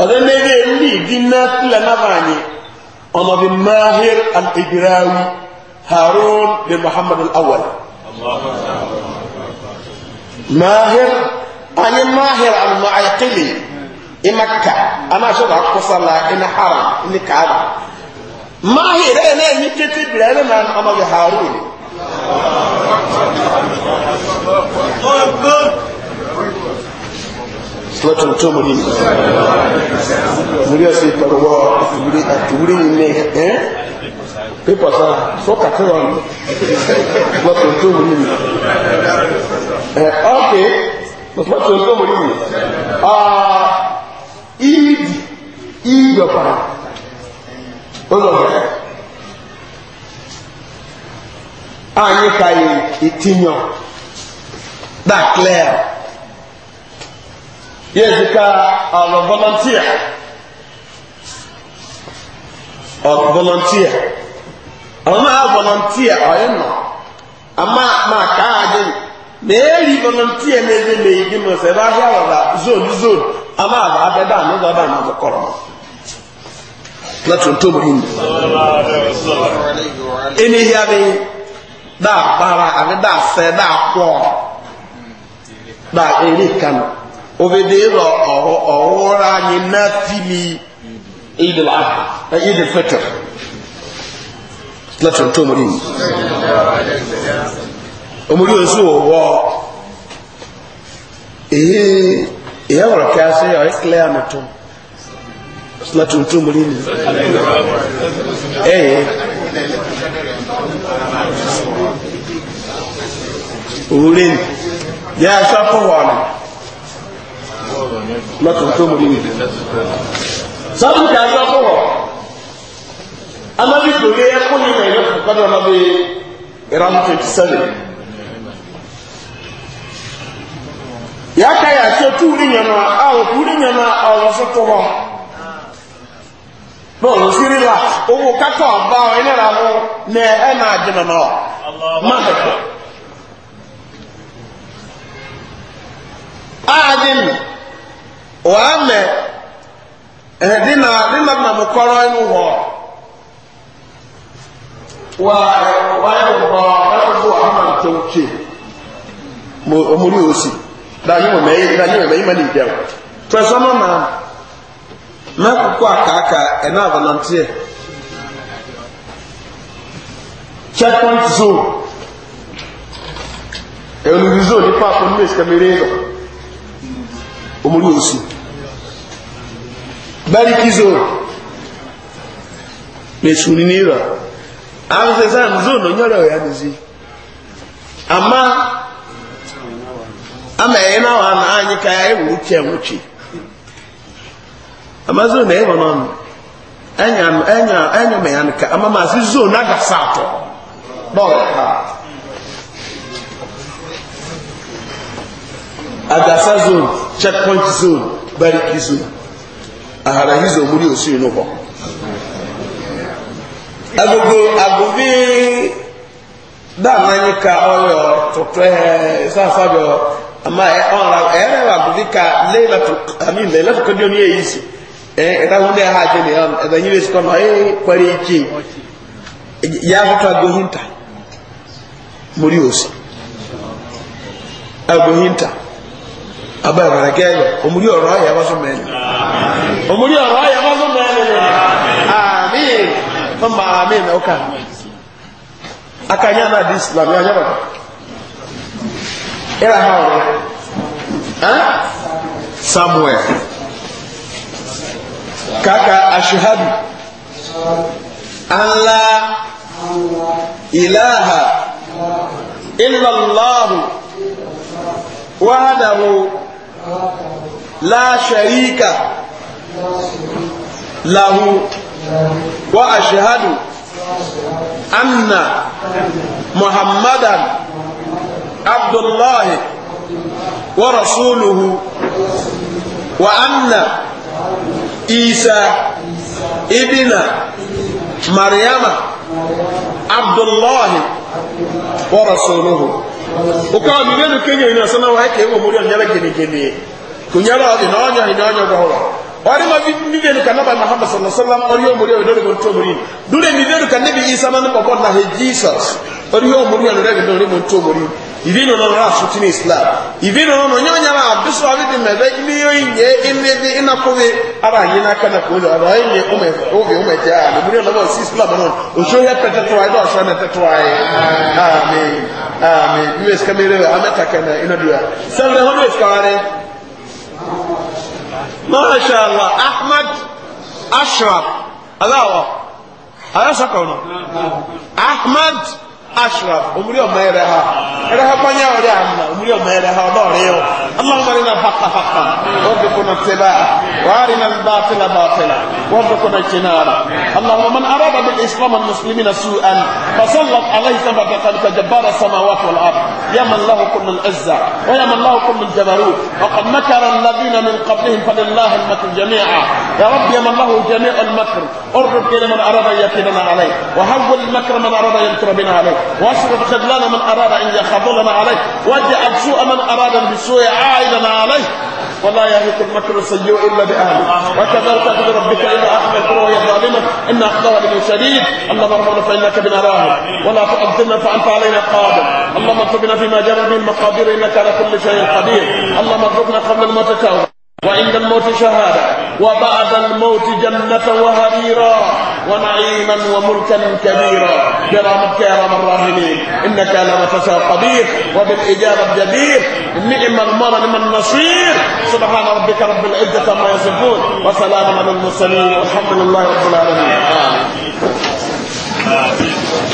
أنا لي دينات لنغاني أنا بماهر الإبراوي هارون بن محمد الأول ماهر أنا ماهر عن معيقلي مكة أنا شو أقصى لا إن حرام إن كعبة ماهر أنا نكت إبراوي ما أنا هارون lọ́tọ̀ tó mú ní múrí ọ̀sẹ̀ ìpẹ̀lúwọ́ ìwúrí ilé ẹ́ pépọ̀ sáà sọ́kà tó rọrùn lọ́tọ̀ tó mú ní ẹ̀ ọ́kẹ́ lọ́tọ̀ tó mú ní ìdí ìyọ̀pá olóògbé àyíká ìtìyàn dáklẹ́ẹ̀ ka our volunteer or volunteer ọmọ a volunteer ọ nọ ama ma kaadị eri volunteer na-eji nọ sị ebe ahịa ọbara zone zone ama aba abịa n'ụzọ daa na tuntun mu ịnị ihe bara abịa eri obedeyiro ɔwɔra anyi nafili idil aha idil fitr láti ọ̀tọ́ omori yìí omori oṣù wọ èyí èyí ọ̀rọ̀ kí a ṣe ọ̀ ìkìlẹ̀ na tó láti omori yìí ẹ̀yẹ lọ́tún tó ya níbi sábà a á sọ́kọ̀ ya amábí tòlé ẹkún ní nàìjíríà na náà bí 27 twenty seven yà á ká yà sọ túwúrí nyẹnu àwọn a nyẹnu àwọn ọ̀sọ́ tó wọ̀ bọ́ọ̀lù sírí la owó kákọ̀ ọba ọ̀ iná ra wọn ní wàhámẹ ẹ na na mo kọrọ ẹnu Wa wà ẹ wàyẹ wọ ẹkọ bọ ahoma ntẹwọtwe mo ọmọdé yóò si dàní wọn mẹyì dàní wọn mẹyì má ní ìdẹwò tẹsánmọ náà mẹkọkọ checkpoint zone barikizo mesuninira amsesa nzono nyoro ya nizi ama ama ena wa na anyi ka ya ewu uche nwuchi ama zo na ewo no anya anya anya me yan ka ama ma si zo na sato do ha agasa zone checkpoint zone barikizo. zone aharahiza omuli osi ino hɔ agogo agobi dama nyi ka ɔyɔ tɔtɔɛ eh, sasa yɔ ama ɛ ɔra ɛyɛ wa agobi ka leela to ami leela to kɔdi oni eyi si ɛ ɛda hunde eh, ha adi ni ɔn ɛda nyi besi kɔnɔ ee kpari eki ya akoto agohinta mori osi agohinta abẹ́rẹ̀ gẹ́yọ̀ omúrí ọ̀rọ̀ ayẹ wọ́n sún mẹ́rin omúrí ọ̀rọ̀ ayẹ wọ́n sún mẹ́rin àmín ọmọ àmín ọkà akanyá náà di islam yá yọrọ ẹ̀rọ ha ọ̀rọ̀ samuel kàkà aṣuhadu anla ilaha illallahu wahadahu. لا شريك له وأشهد أن محمدا عبد الله ورسوله وأن عيسى ابن مريم عبد الله ورسوله ukawa migenu kenya inasema waeke hiyo muri onyala gene gene kunyala odi na onyo ina onyo gohoro wali ma migenu kanaba muhammad sallallahu alaihi wasallam oriyo muri odore gonto muri dure migenu kanabi isa na nko na he jesus oriyo muri odore gonto gonto muri ivino no na sutini islam ivino no no nyonya na abiso abidi mebe imiyo inye imedi inakubi aba yina kana kuzo aba yine ume obi ume ja muri odore islam no osho ya tetetwa ido asana tetetwa amen, amen. Amen. Ah, Mimi sika ah, mirewe ametaka na inadia. Sasa hono sika wale. Masha Allah Ahmad Ashraf. Alawa. Ala saka ono. أشرف أمري أمي رها رها بنيا وري أمري أمي رها ودوريو اللهم أرنا الحق حقا وارزقنا اتباعه وأرنا الباطل باطلا وارزقنا اجتنابه اللهم من أراد بالإسلام المسلمين سوءا فسلط عليه كما قد جبار السماوات والأرض يا من له كل العزة ويا من له كل الجبروت وقد مكر الذين من قبلهم فلله المكر جميعا يا رب يا من له جميع المكر ارد كل من أراد يكيدنا عليه وهول المكر من أراد ينكر بنا عليه واصرف خذلان من أراد أن يخذلنا عليه واجعل سوء من أراد بالسوء عائدا عليه ولا يهلك المكر السيء الا باهله وكذلك اخذ ربك اذا اخر الكرة وهي ظالمه ان اخذها لمن شديد اللهم ارحمنا فانك بنا راهب ولا تؤذنا فانت علينا قادر اللهم ارزقنا فيما جرى من المقادير انك على كل شيء قدير اللهم ارزقنا قبل الموت وعند الموت شهادة وبعد الموت جنة وهريرا ونعيما وملكا كبيرا برحمتك يا رب الراحمين انك لما تشاء قدير وبالاجابه الجدير نعم المرء من نعم النصير سبحان ربك رب العزه عما يصفون وسلام على المرسلين والحمد لله رب العالمين آمين.